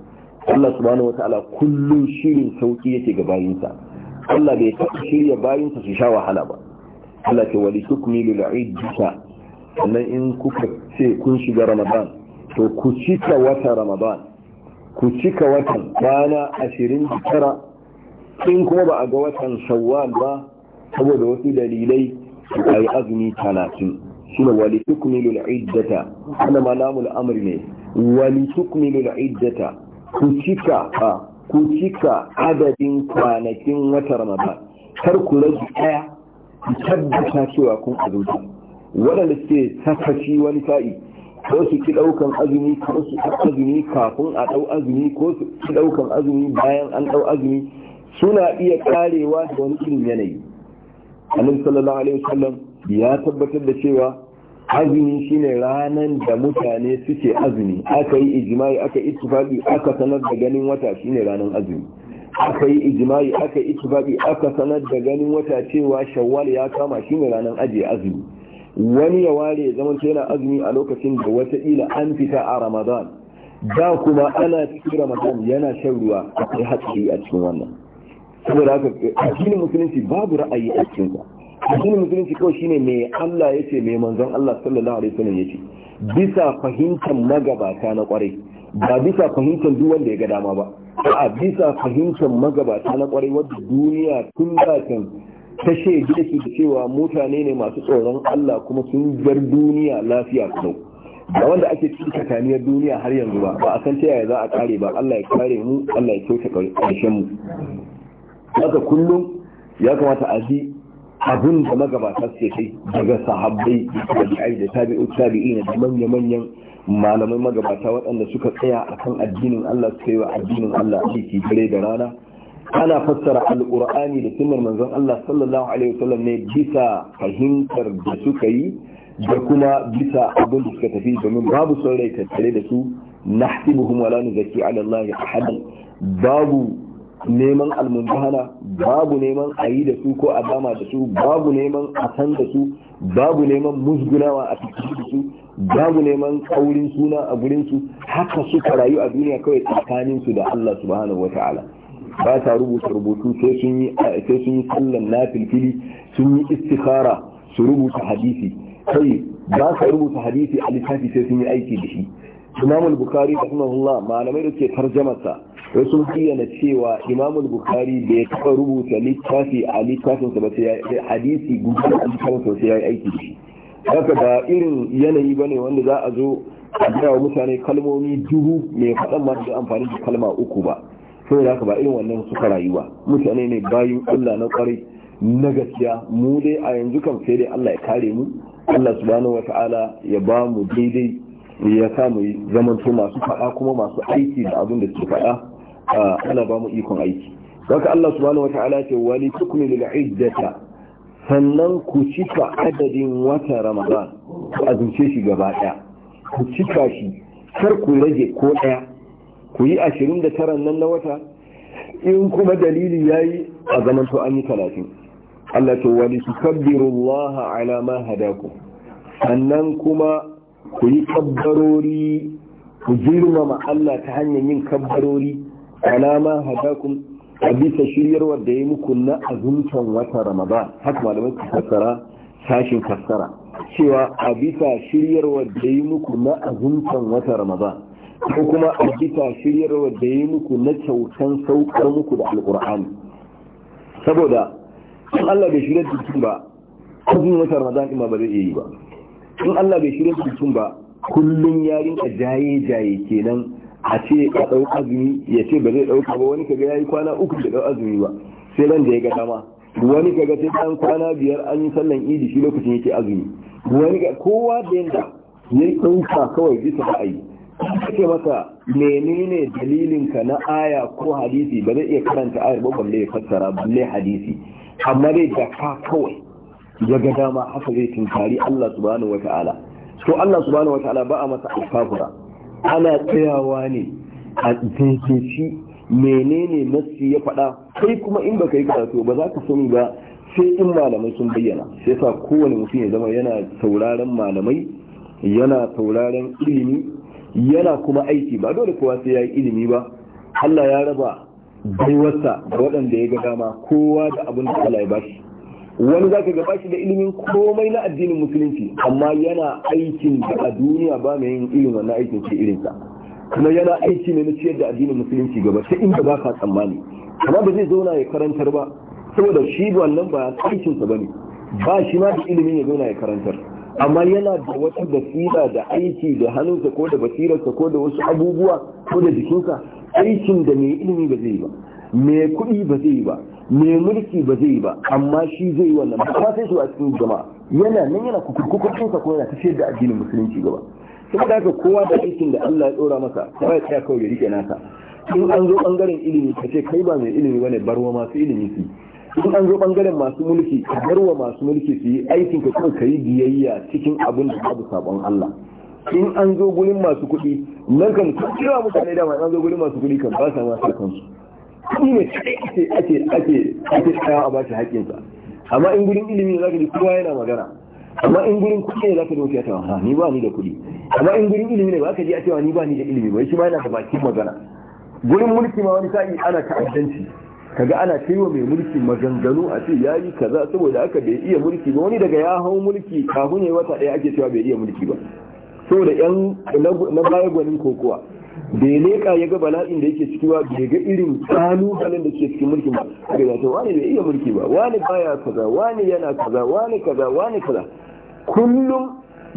Allah subhanahu wa ta'ala kullum shirin sauki yake ga bayinsa Allah bai taɓa shirya bayan su sha wahala ba Allah ke wali tukmilu al-iddata sannan in kuka ce kun shiga Ramadan to ku cika wata Ramadan ku cika watan kwana tara in kuma ba a ga watan Shawwal ba saboda wasu dalilai a yi azumi shi shine wali tukmilu al-iddata ana ma amri ne wali tukmilu al-iddata ku cika ba. ku cika adadin kwanakin wata ramadan kar ku rage ɗaya ku tabbata cewa kun Wadanda waɗanda suke sakaci wani sa'i ko su ki ɗaukan azumi ko su ɗau azumi kafin a ɗau azumi ko su ki ɗaukan azumi bayan an ɗau azumi suna iya karewa da wani irin yanayi annabi sallallahu alaihi wasallam ya tabbatar da cewa azumi shine ranan da mutane suke azumi aka yi ijimai aka ittifaqi aka sanar da ganin wata shine ranan azumi aka yi ijimai aka ittifaqi aka sanar da ganin wata cewa shawwal ya kama shine ranan aje azumi wani ya ware zaman yana azumi a lokacin da wata ila an fita a ramadan da kuma ana cikin ramadan yana shan ruwa akwai hatsari a cikin wannan saboda haka addinin musulunci babu ra'ayi a cikin sa addinin musulunci kawai ne mai Allah ya ce mai manzon Allah sallallahu alaihi wasallam yace bisa fahimtar magabata na kwarai ba bisa fahimtar duk wanda ya ga dama ba a bisa fahimtar magabata na kwarai wadda duniya tun da can ta gida da cewa mutane ne masu tsoron Allah kuma sun bar duniya lafiya kuma da wanda ake cikin tsakaniyar duniya har yanzu ba ba a san ta yaya za a kare ba Allah ya kare mu Allah ya kyauta karshen mu haka kullum ya kamata a ji abin da magabata suke kai daga sahabbai tabi'ai da tabi'u tabi'ina da manya-manyan malamai magabata waɗanda suka tsaya a kan addinin Allah suka yi wa addinin Allah aiki dare da rana ana fassara alƙur'ani da sunnar manzon Allah sallallahu alaihi wasallam ne bisa fahimtar da suka yi da kuma bisa abin da suka tafi domin babu son rai tattare da su nahsibuhum wala nuzakki ala Allah ahadan babu neman almundahana babu neman a yi da su ko a dama da su babu neman a san da su babu neman musgunawa a fitar da su babu neman kaurin suna a gurin su haka suka rayu a duniya kawai tsakanin su da Allah subhanahu ta'ala. ba ta rubuta rubutu sai sun yi sai sun yi sallan nafilfili sun yi istikhara su rubuta hadisi kai ba sa rubuta hadisi a littafi sai sun yi aiki da shi Imam al-Bukhari rahimahullah malamai da ke tarjamarsa wai sun bayyana cewa imamul bukhari da ya taɓa rubuta littafi a littafin sa ba sai hadisi guda a littafin sa sai ya yi aiki shi haka ba irin yanayi ba ne wanda za a zo a gaya mutane kalmomi dubu mai faɗan ma da amfani da kalma uku ba sai da haka ba irin wannan suka rayuwa mutane ne bayu Allah na kwarai na gaskiya mu dai a yanzu kan sai dai Allah ya kare mu Allah subhanahu wata'ala ya ba mu daidai ya sa mu zamanto masu faɗa kuma masu aiki da abin da suke faɗa ana ba mu ikon aiki haka Allah subhanahu wata'ala ce wali tukmilu daga iddata sannan ku cika adadin wata Ramadan ku azumce shi gaba daya ku cika shi kar ku rage ko ɗaya ku yi ashirin da 29 nan na wata in kuma dalili yayi a zaman to an yi talatin Allah to wali tukabbiru Allah ala ma hadaku sannan kuma ku yi kabbarori ku girmama Allah ta hanyar yin kabbarori alama hadakum a bisa shiryarwar da ya muku na azuncan wata ramadan haka malamai su fassara sashin fassara cewa a bisa shiryarwar da ya muku na azuncan wata ramadan ko kuma a bisa shiryarwar da ya muku na kyautan saukar muku da alkur'ani saboda in Allah bai shirya cikin ba azumin wata ramadan ma ba zai iya yi ba in Allah bai shirya cikin ba kullum yarin a jaye jaye kenan a ce a ɗau azumi ya ce ba zai ɗauka ba wani kaga ya yi kwana uku da ɗau azumi ba sai ran da ya ga dama wani kaga sai ɗan kwana biyar an yi sallan idi shi lokacin yake azumi wani ga kowa da yanda ya ɗauka kawai bisa ba ra'ayi kake masa menene dalilinka na aya ko hadisi ba zai iya karanta ayar ba balle ya fassara balle hadisi amma dai da ka kawai ya ga dama haka zai tunkari Allah subhanahu wata'ala to Allah subhanahu wata'ala ba a masa alfafura ana tsayawa ne a dinkinci menene masu ya faɗa kai kuma in baka yi karatu ba za ka sani ba sai in malamai sun bayyana sai sa kowane mutum ya zama yana sauraron malamai yana sauraron ilimi yana kuma aiki ba dole kowa sai ya yi ilimi ba Allah ya raba baiwarsa ga waɗanda ya ga dama kowa da abin da Allah ya bashi wani zaka ga bashi da ilimin komai na addinin musulunci amma yana aikin da a duniya ba mai yin ilimin wannan aikin ce irinsa kuma yana aiki ne na da addinin musulunci gaba ta inda ba ka tsammani amma ba zai zauna ya karantar ba saboda shi wannan ba aikinsa ba ne ba shi ma da ilimin ya zauna ya karantar amma yana da wata basira da aiki da hannunsa ko da basirarsa ko da wasu abubuwa ko da jikinsa aikin da mai ilimi ba zai yi ba mai kuɗi ba zai yi ba mai mulki ba zai yi ba amma shi zai yi wannan ba sai su a cikin jama'a yana nan yana kukurkukun sa ko yana tafiyar da addinin musulunci gaba da haka kowa da aikin da Allah ya tsora masa kawai tsaya kawai ya rike nasa in an zo bangaren ilimi ka ce kai ba mai ilimi bane barwa masu ilimi su in an zo bangaren masu mulki ka barwa masu mulki su yi aikin ka kuma ka yi biyayya cikin abin da babu sabon Allah in an zo gurin masu kuɗi nan kan kira mutane da an zo gurin masu kuɗi kan ba sa ma kansu kuɗi ne ake ake ake ake tsaya a bashi haƙƙinsa amma in gurin ilimi za ka ji kowa yana magana amma in gurin kuɗi ne za ka ji wata yawa ni ba ni da kuɗi amma in gurin ilimi ne ba ka ji a cewa ni ba ni da ilimi ba shi ma yana da bakin magana gurin mulki ma wani sa'i ana ta'addanci kaga ana wa mai mulki maganganu a ce ya yi kaza saboda aka bai iya mulki ba wani daga ya hau mulki kafin ya wata ɗaya ake cewa bai iya mulki ba saboda yan na baya gwanin kokowa bai leƙa ya ga bala'in da yake ciki ba bai ga irin kalubalen da ke cikin mulkin ba ga ya ce wani bai iya mulki ba wani baya kaza wani yana kaza wani kaza wani kaza kullum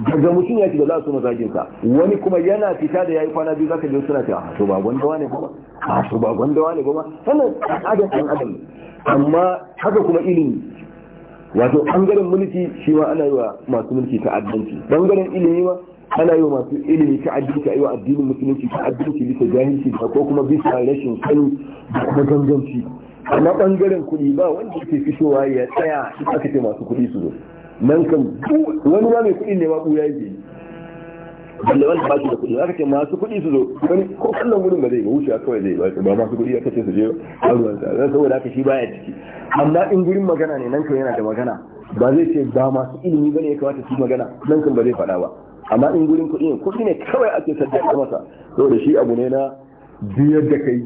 daga mutum ya ce da za su mazajin sa wani kuma yana fita da yayi kwana biyu zaka je suna ce a ah, to ba Gwanda wani kuma a ah, to ba gwandawa ne kuma sannan adam ɗan adam amma haka kuma ilimi wato bangaren mulki shi ma ana yi wa masu mulki ta'addanci bangaren ilimi ma ana yi masu ilimi ta addini ta yi addinin musulunci ta addinci bisa jahilci ko kuma bisa rashin sani da kuma ganganci amma bangaren kuɗi ba wanda ke fitowa ya tsaya shi aka ce masu kuɗi su zo nan kan wani ma mai kuɗi ne ma ya yi balle wanda ba shi da kuɗi aka ce masu kuɗi su zo wani ko kallon gudun ba zai ba wuce kawai zai ba ba masu kuɗi aka ce su je a ruwan sa zan saboda aka shi baya ciki amma in gurin magana ne nan kan yana da magana ba zai ce ba masu ilimi bane ya kamata su magana nan kan ba zai faɗa ba amma in gurin kuɗi ne kuɗi ne kawai ake sadaka masa saboda shi abu ne na biyar da kai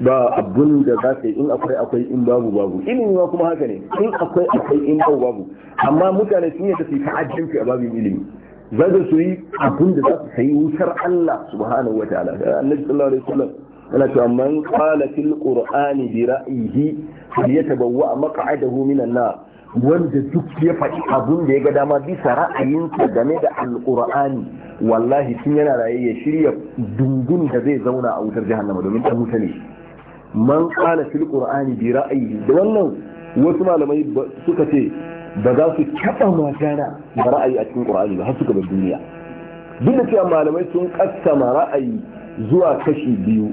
ba abun da za ka yi in akwai akwai in babu babu ilimi ma kuma haka ne in akwai akwai in babu babu amma mutane sun yi tafi ta'ajjinki a babu ilimi za ka su yi abun da za su sayi wutar Allah subhanahu wa ta'ala da annabi sallallahu alaihi wasallam yana cewa man qala fil qur'ani bi ra'yihi falyatabawwa maq'adahu minan nar wanda duk ya faɗi abun da ya ga dama bisa ra'ayinsa game da alƙur'ani wallahi tun yana raye ya shirya dungun da zai zauna a wutar jahannama domin ta wuta ne man qala fil qur'ani bi ra'ayi da wannan wasu malamai suka ce ba za su taɓa magana da ra'ayi a cikin qur'ani ba har suka bar duniya duk da cewa malamai sun kassama ra'ayi zuwa kashi biyu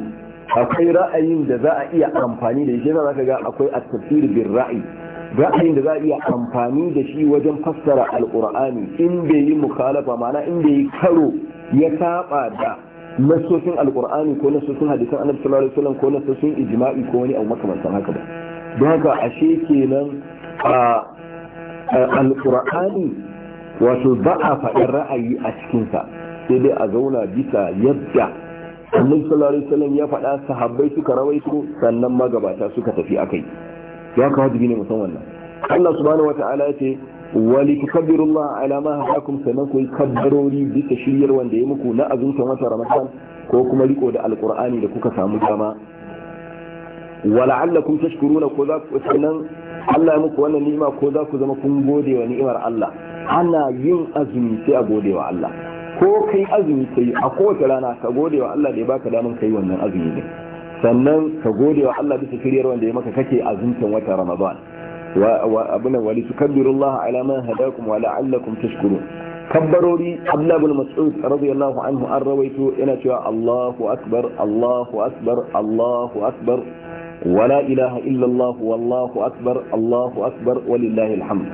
akwai ra'ayin da za a iya amfani da shi za ka ga akwai at-tafsir ra'ayi ra'ayin da za a iya amfani da shi wajen fassara alkur'ani in bai yi mukhalafa Mana in bai yi karo ya saba da nasosin alkur'ani ko nasosin hadisan annabi sallallahu alaihi wasallam ko nasosin ijma'i ko wani abu makamantan haka ba don haka ashe kenan a alkur'ani wato ba a faɗin ra'ayi a cikinsa sai dai a zauna bisa yadda annabi sallallahu alaihi wasallam ya faɗa sahabbai suka rawaito sannan magabata suka tafi akai ya ka wajibi ne musan wannan Allah subhanahu wata'ala ya ce Allah, tukabbirullah ala ma hakum sanan ku kabbarori bisa shiryar wanda ya muku na azumtan wata ramadan ko kuma riko da alqur'ani da kuka samu dama wala'allakum tashkuruna ko za ku sanan Allah ya muku wannan ni'ima ko za ku zama kun gode wa ni'imar Allah ana yin azumi sai a gode wa Allah ko kai azumi sai a kowace rana ka gode wa Allah da ya baka daman kai wannan azumi sannan ka gode wa Allah bisa shiryar wanda ya maka kake azumtan wata Ramadan wa abuna wali tukabbirullaha ala ma hadakum wa la'allakum tashkurun kabbarori Abdullah ibn Mas'ud radiyallahu anhu an rawaito ina cewa Allahu akbar Allahu akbar Allahu akbar ولا ilaha illa الله والله أكبر allahu أكبر walillahi الحمد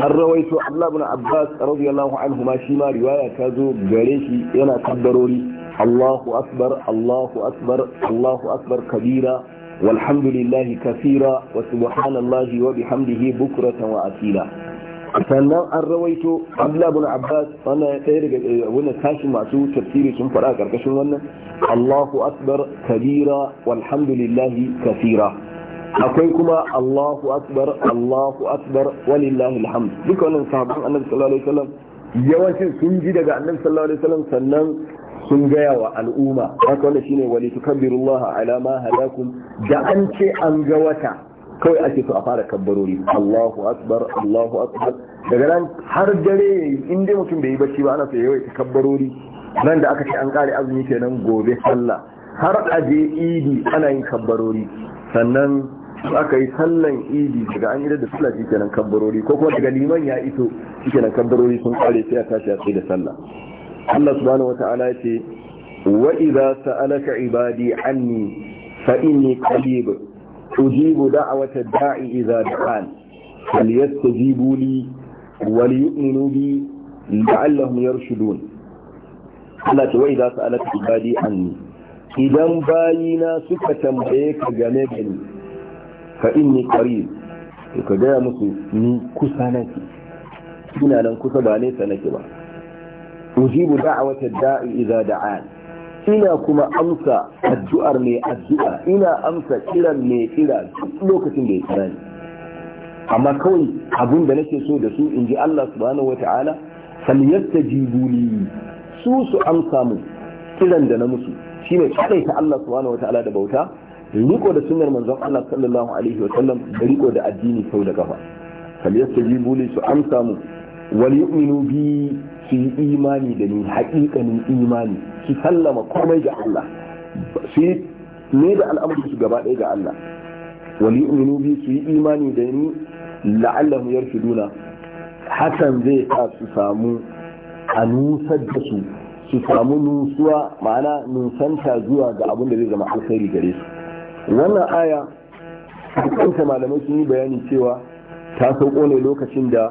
an rawaito Abdullah ibn Abbas radiyallahu anhu ma shi ma riwaya ta zo gare shi yana kaddarori Allahu akbar Allahu akbar Allahu akbar kabira walhamdulillahi kasira wa subhanallahi wa bihamdihi bukratan wa asila sannan an rawaito Abdullah ibn Abbas wannan ɗaya daga eh, wannan tashi masu tafsiri sun fara karkashin wannan Allahu akbar kabira walhamdulillahi kasira akwai kuma Allahu akbar Allahu akbar walillahi alhamd duka wannan sahabban Annabi sallallahu alaihi wasallam yawancin sun ji daga Annabi sallallahu alaihi wasallam sannan sun gaya wa al'umma haka wanda shine wali tukabbirullaha ala ma hadakum da an ce an ga wata kawai ake so a fara kabbarori Allahu akbar Allahu akbar daga nan har dare in dai mutum bai yi bacci ba ana so yayi kabbarori nan da aka ce an kare azumi kenan gobe sallah har aje idi ana yin kabbarori sannan aka yi sallan idi daga an yi da sallah shi kenan kabbarori ko kuma daga liman ya iso shi kenan kabbarori sun kare sai a tashi a tsaye da sallah Allah subhanahu wata'ala ce wa idza sa'alaka ibadi anni fa inni qarib ujibu da'wata da'i idza da'an falyastajibu li wa liyu'minu bi la'allahum yarshudun Allah ce za su sa'alaka ibadi anni idan bayina suka tambaye ka game da ni fa inni qarib to ka gaya musu ni kusa nake ina nan kusa ba nesa nake ba ujibu da'awata da'i idza da'an ina kuma amsa addu'ar mai addu'a ina amsa kiran mai kira duk lokacin da ya kira ni amma kawai abin da nake so da su in ji Allah subhanahu wata'ala falyastajibu li su su amsa mu kiran da na musu shine kadai ta Allah subhanahu wata'ala da bauta riko da sunnar manzon Allah sallallahu alaihi wa sallam da riko da addini sau da kafa falyastajibu li su amsa mu wal yu'minu bi ki yi imani da ni haƙiƙanin imani ki sallama komai ga Allah su ne da al'amari su gaba ɗaya ga Allah wani uminu bi su yi imani da ni yarfi duna hakan zai sa su samu a nusar da su su samu nusuwa ma'ana nusanta zuwa ga abin da zai zama alkhairi gare su wannan aya kanta malamai sun yi bayani cewa ta sauko ne lokacin da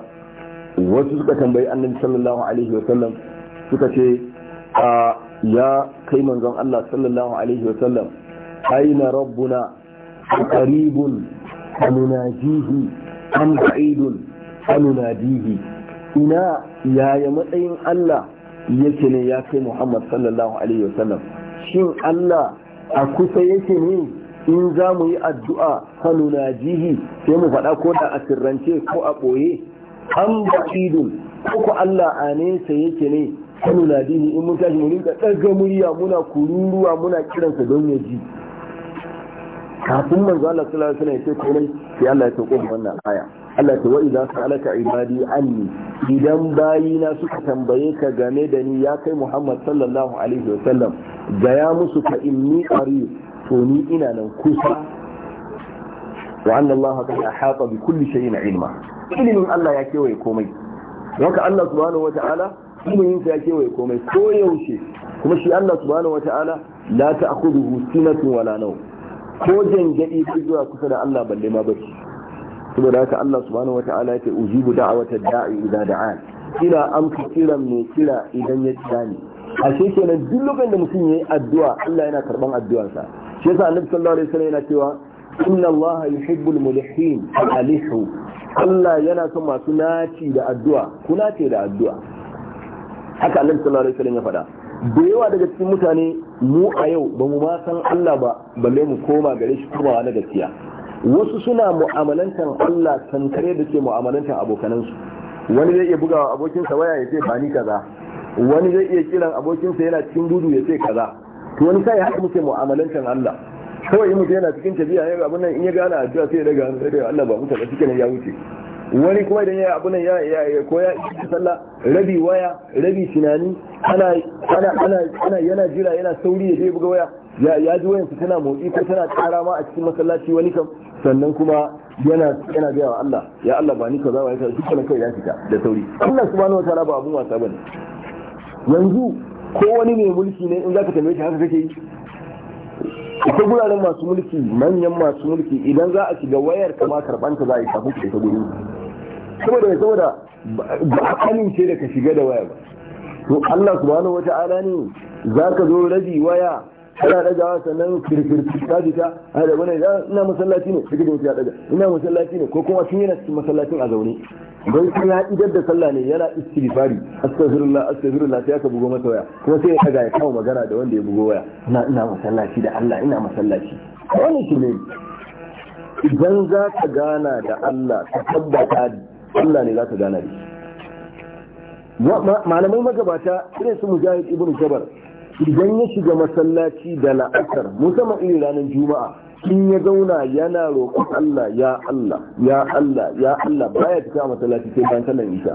wasu suka tambayi annabi sallallahu alaihi wa sallam suka ce ya kai manzon Allah sallallahu alaihi wa sallam aina rabbuna qaribun anunajihi am ba'idun anunadihi ina yaya matsayin Allah yake ne ya kai Muhammad sallallahu alaihi wa sallam shin Allah a kusa yake ne in za mu yi addu'a jihi sai mu faɗa ko da a sirrance ko a ɓoye an ba'idun uku Allah a nesa yake ne sanu na dini in mun tashi mu rinka ɗaga murya muna kururuwa muna kiransa don ya ji kafin manzo Allah sallallahu alaihi wasallam ya ce komai sai Allah ya ce komai wannan aya Allah ta wa idza sa'alaka ibadi anni idan bayina suka tambaye ka game da ni ya kai Muhammad sallallahu alaihi wasallam gaya musu ka inni qari to ni ina nan kusa wa anna Allah qad ahata bi kulli shay'in ilma ilimin Allah ya kewaye komai yanka Allah subhanahu wa ilimin sa ya kewaye komai ko yaushe kuma shi Allah subhanahu wa ta'ala la ta'khudhuhu sinatun wala nawm ko jangadi ko zuwa kusa da Allah balle ma bace saboda haka Allah subhanahu wa ta'ala ya ce ujibu da'watad da'i idza da'an kira amsa kiran mai kira idan ya kira ni ashe kenan duk lokacin da mutum yayi addu'a Allah yana karban addu'arsa shi yasa Annabi sallallahu alaihi wasallam yana cewa inna allaha yuhibbul mulihin alihu Allah yana son masu naci da addu'a ku nace da addu'a haka annabi sallallahu alaihi wasallam ya faɗa da yawa daga cikin mutane mu a yau ba mu ma san Allah ba balle mu koma gare shi kuma na gaskiya wasu suna mu'amalantar Allah tankare da ke mu'amalantar abokanansu wani zai iya bugawa abokinsa waya ya ce bani kaza wani zai iya kiran abokinsa yana cikin gudu ya ce kaza to wani sai haka muke mu'amalantar Allah kawai mutu yana cikin tafiya ya abun nan in ya gana addu'a sai ya daga hannu sai da Allah ba mutane cikin ya wuce wani kuma idan ya abun nan ya ya ko ya yi sallah rabi waya rabi tunani ana ana ana ana yana jira yana sauri ya je buga waya ya ya ji wayansu tana motsi ko tana tsara ma a cikin masallaci wani kam sannan kuma yana yana wa Allah ya Allah ba ni kaza ba ya kaza dukkan kai ya fita da sauri Allah subhanahu wataala ba abun wasa bane yanzu ko wani mai mulki ne in zaka tambaye shi haka kake yi ita guraren masu mulki manyan masu mulki idan za a shiga wayar kama karɓanta za a yi kafin ka ita guri saboda saboda ba a amince da ka shiga da waya ba to Allah subhanahu wata'ala ne za ka zo rabi waya ana daga nan kirkir ta fita a da wani ina masallaci ne shiga da ya daga ina masallaci ne ko kuma sun yana cikin masallacin a zaune don sai ya idar da sallah ne yana istighfari astaghfirullah astaghfirullah sai aka bugo masa waya kuma sai ya daga ya kawo magana da wanda ya bugo waya ina ina masallaci da Allah ina masallaci wani shi ne idan za ka gana da Allah ka tabbata Allah ne za ka gana da shi malamai magabata irin su mujahid ibn jabar idan ya shiga masallaci da la'asar musamman irin ranar juma'a in ya zauna yana roƙon Allah ya Allah ya Allah ya Allah baya fita masallaci sai bayan sallar isa.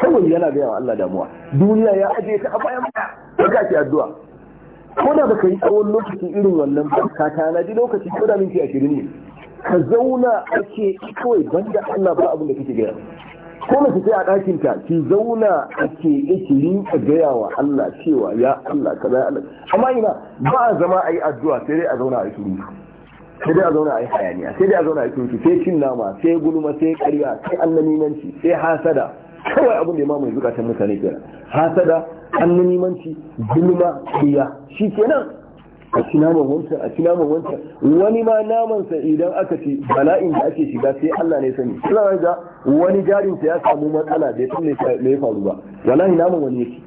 kawai yana gaya wa Allah damuwa duniya ya aje ta a bayan baya ta ce addu'a ko da baka yi tsawon lokacin irin wannan ba ka ji lokaci ko da minti ashirin ne ka zauna ake kawai banda Allah ba abin da kake gaya ko mace ce a ɗakin ta ki zauna ake yake rinka gaya wa Allah cewa ya Allah ka ya Allah amma ina ba a zama a yi addu'a sai dai a zauna a yi shiru sai dai a zauna a yi hayaniya sai dai a zauna a yi shiru sai cin nama sai gulma sai ƙarya sai annamimanci sai hasada kawai abin da ya mamaye zukatan mutane kenan hasada annamimanci gulma ƙarya shi kenan a ci naman a ci naman wani ma namansa idan aka ci bala'in da ake shiga sai Allah ne sani suna da wani jarinta ya samu matsala da san me ya faru ba wallahi naman wani yake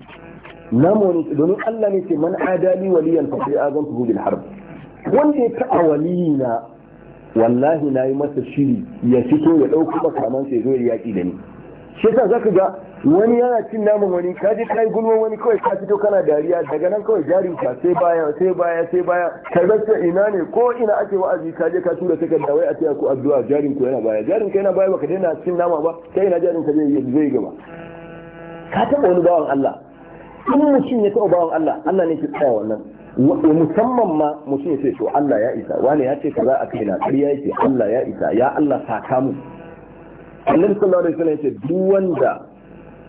naman wani domin Allah ne ce man adali waliyan fa sai azan tuhu bil harb wanda ya taɓa waliyina wallahi na yi masa shiri ya fito ya ɗauki makamansa ya zo ya yaƙi da ni shi yasa zaka ga wani yana cin naman wani ka je kai gulma wani kawai ka fito kana dariya daga nan kawai jari ka sai baya sai baya sai baya ka rasa ina ne ko ina ake wa'azi ka je ka tura takarda wai a ce ku addu'a jarin ku yana baya jarin ka yana baya baka daina cin nama ba sai ina jarin ka zai gaba ka taɓa wani bawan Allah in mutum ya taɓa bawan Allah Allah ne ke tsaya wannan musamman ma mutum ya ce to Allah ya isa wani ya ce kaza a na ƙarya yake Allah ya isa ya Allah saka mu Allah sallallahu alaihi wasallam ya ce duk wanda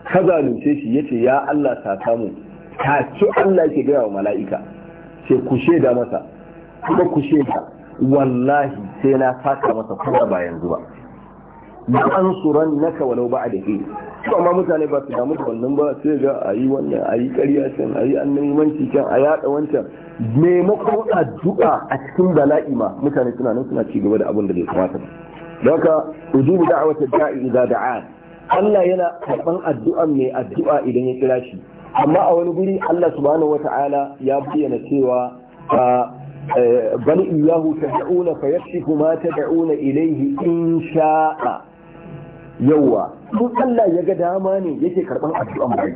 ka zalunce shi yace ya Allah ta samu ta ci Allah ke gaya wa mala'ika sai ku da masa kuma ku shaida wallahi sai na saka masa kuma ba yanzu ba an ansuran naka walau da ke to amma mutane ba su damu da wannan ba sai ga ayi wannan ayi ƙarya can ayi annabimanci can a yada wancan maimakon addu'a a cikin bala'i ma mutane suna nan suna ci gaba da abin da bai kamata ba don haka ujubu da'awata da'i idza da'a Allah yana karɓan addu'a mai addu'a idan ya kira shi amma a wani guri Allah subhanahu wata'ala ya bayyana cewa بل iyahu تدعون فيكشف ما تدعون kuma ta da'una ilaihi in Allah ya ga dama ne yake karɓan addu'an mai.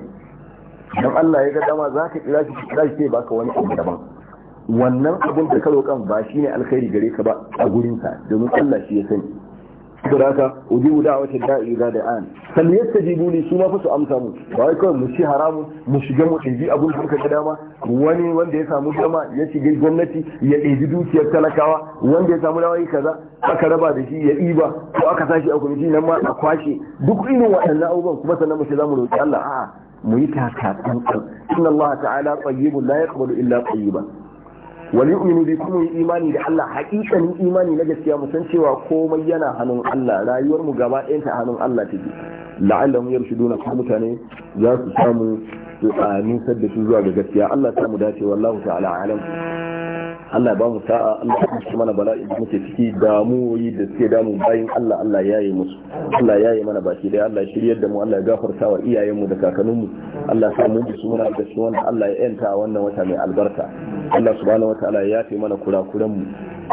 dan Allah ya ga dama za ka kira shi kira shi baka wani abu daban wannan abin da ka roƙan ba shine alkhairi gare ka ba a gurinsa sa domin Allah shi ya sani saboda haka a da'awatin da'i idza da'an fal yastajibu li su ma fa su amsa mu ba wai kawai mu ci haramu mu shiga mu ɗibi abun da muka dama wani wanda ya samu dama ya shiga gwamnati ya ɗibi dukiyar talakawa wanda ya samu dama kaza aka raba da shi ya ɗiba ko aka sashi a kwamiti nan ma a kwashe duk irin waɗannan abubuwan kuma sannan mu ce za mu roƙi Allah a'a mu yi taka inna Allah ta'ala tayyibun la yaqbalu illa tayyiban wal yu'minu bi kuma imani da Allah haƙiƙanin imani na gaskiya mu san cewa komai yana hannun Allah rayuwar mu gaba ɗayan ta hannun Allah take la'allahum yarshuduna kuma mutane za su samu su nisar da su zuwa ga gaskiya Allah ta mu dace wallahu ta'ala alam Allah ya ba mu sa'a Allah ya kashe mana bala'i da muke ciki damuwoyi da suke damu bayan Allah Allah ya yi musu Allah ya yi mana baki da Allah ya shiryar da mu Allah ya gafarta wa iyayenmu da mu Allah ya samu musu muna da shi wanda Allah ya yanta wannan wata mai albarka Allah subhanahu wataala ya yafe mana kurakuran mu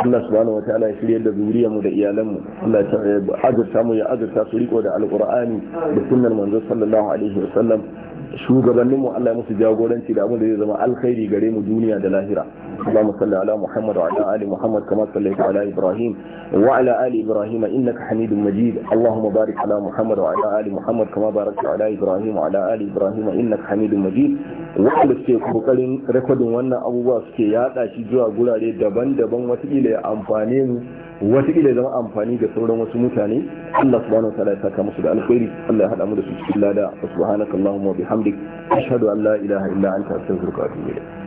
Allah subhanahu wataala ya shiryar da mu da iyalanmu Allah ya azurta mu ya azurta su riko da alqur'ani da sunnar manzo sallallahu alaihi wasallam shugabanninmu Allah ya musu jagoranci da abin da zai zama alkhairi gare mu duniya da lahira Allahumma salli على محمد وعلى آل محمد كما صليت على إبراهيم وعلى آل إبراهيم إنك حميد مجيد اللهم بارك على محمد وعلى آل محمد كما باركت على إبراهيم وعلى آل إبراهيم إنك حميد مجيد wanda suke kokarin rekodin wannan abubuwa suke yada shi zuwa gurare daban-daban watakila ya amfane mu watakila zama amfani da sauran wasu mutane Allah subhanahu wa ta'ala ya saka musu da alkhairi Allah ya hada mu da su cikin lada subhanakallahumma wa bihamdik ashhadu an la ilaha illa anta astaghfiruka wa atubu ilayk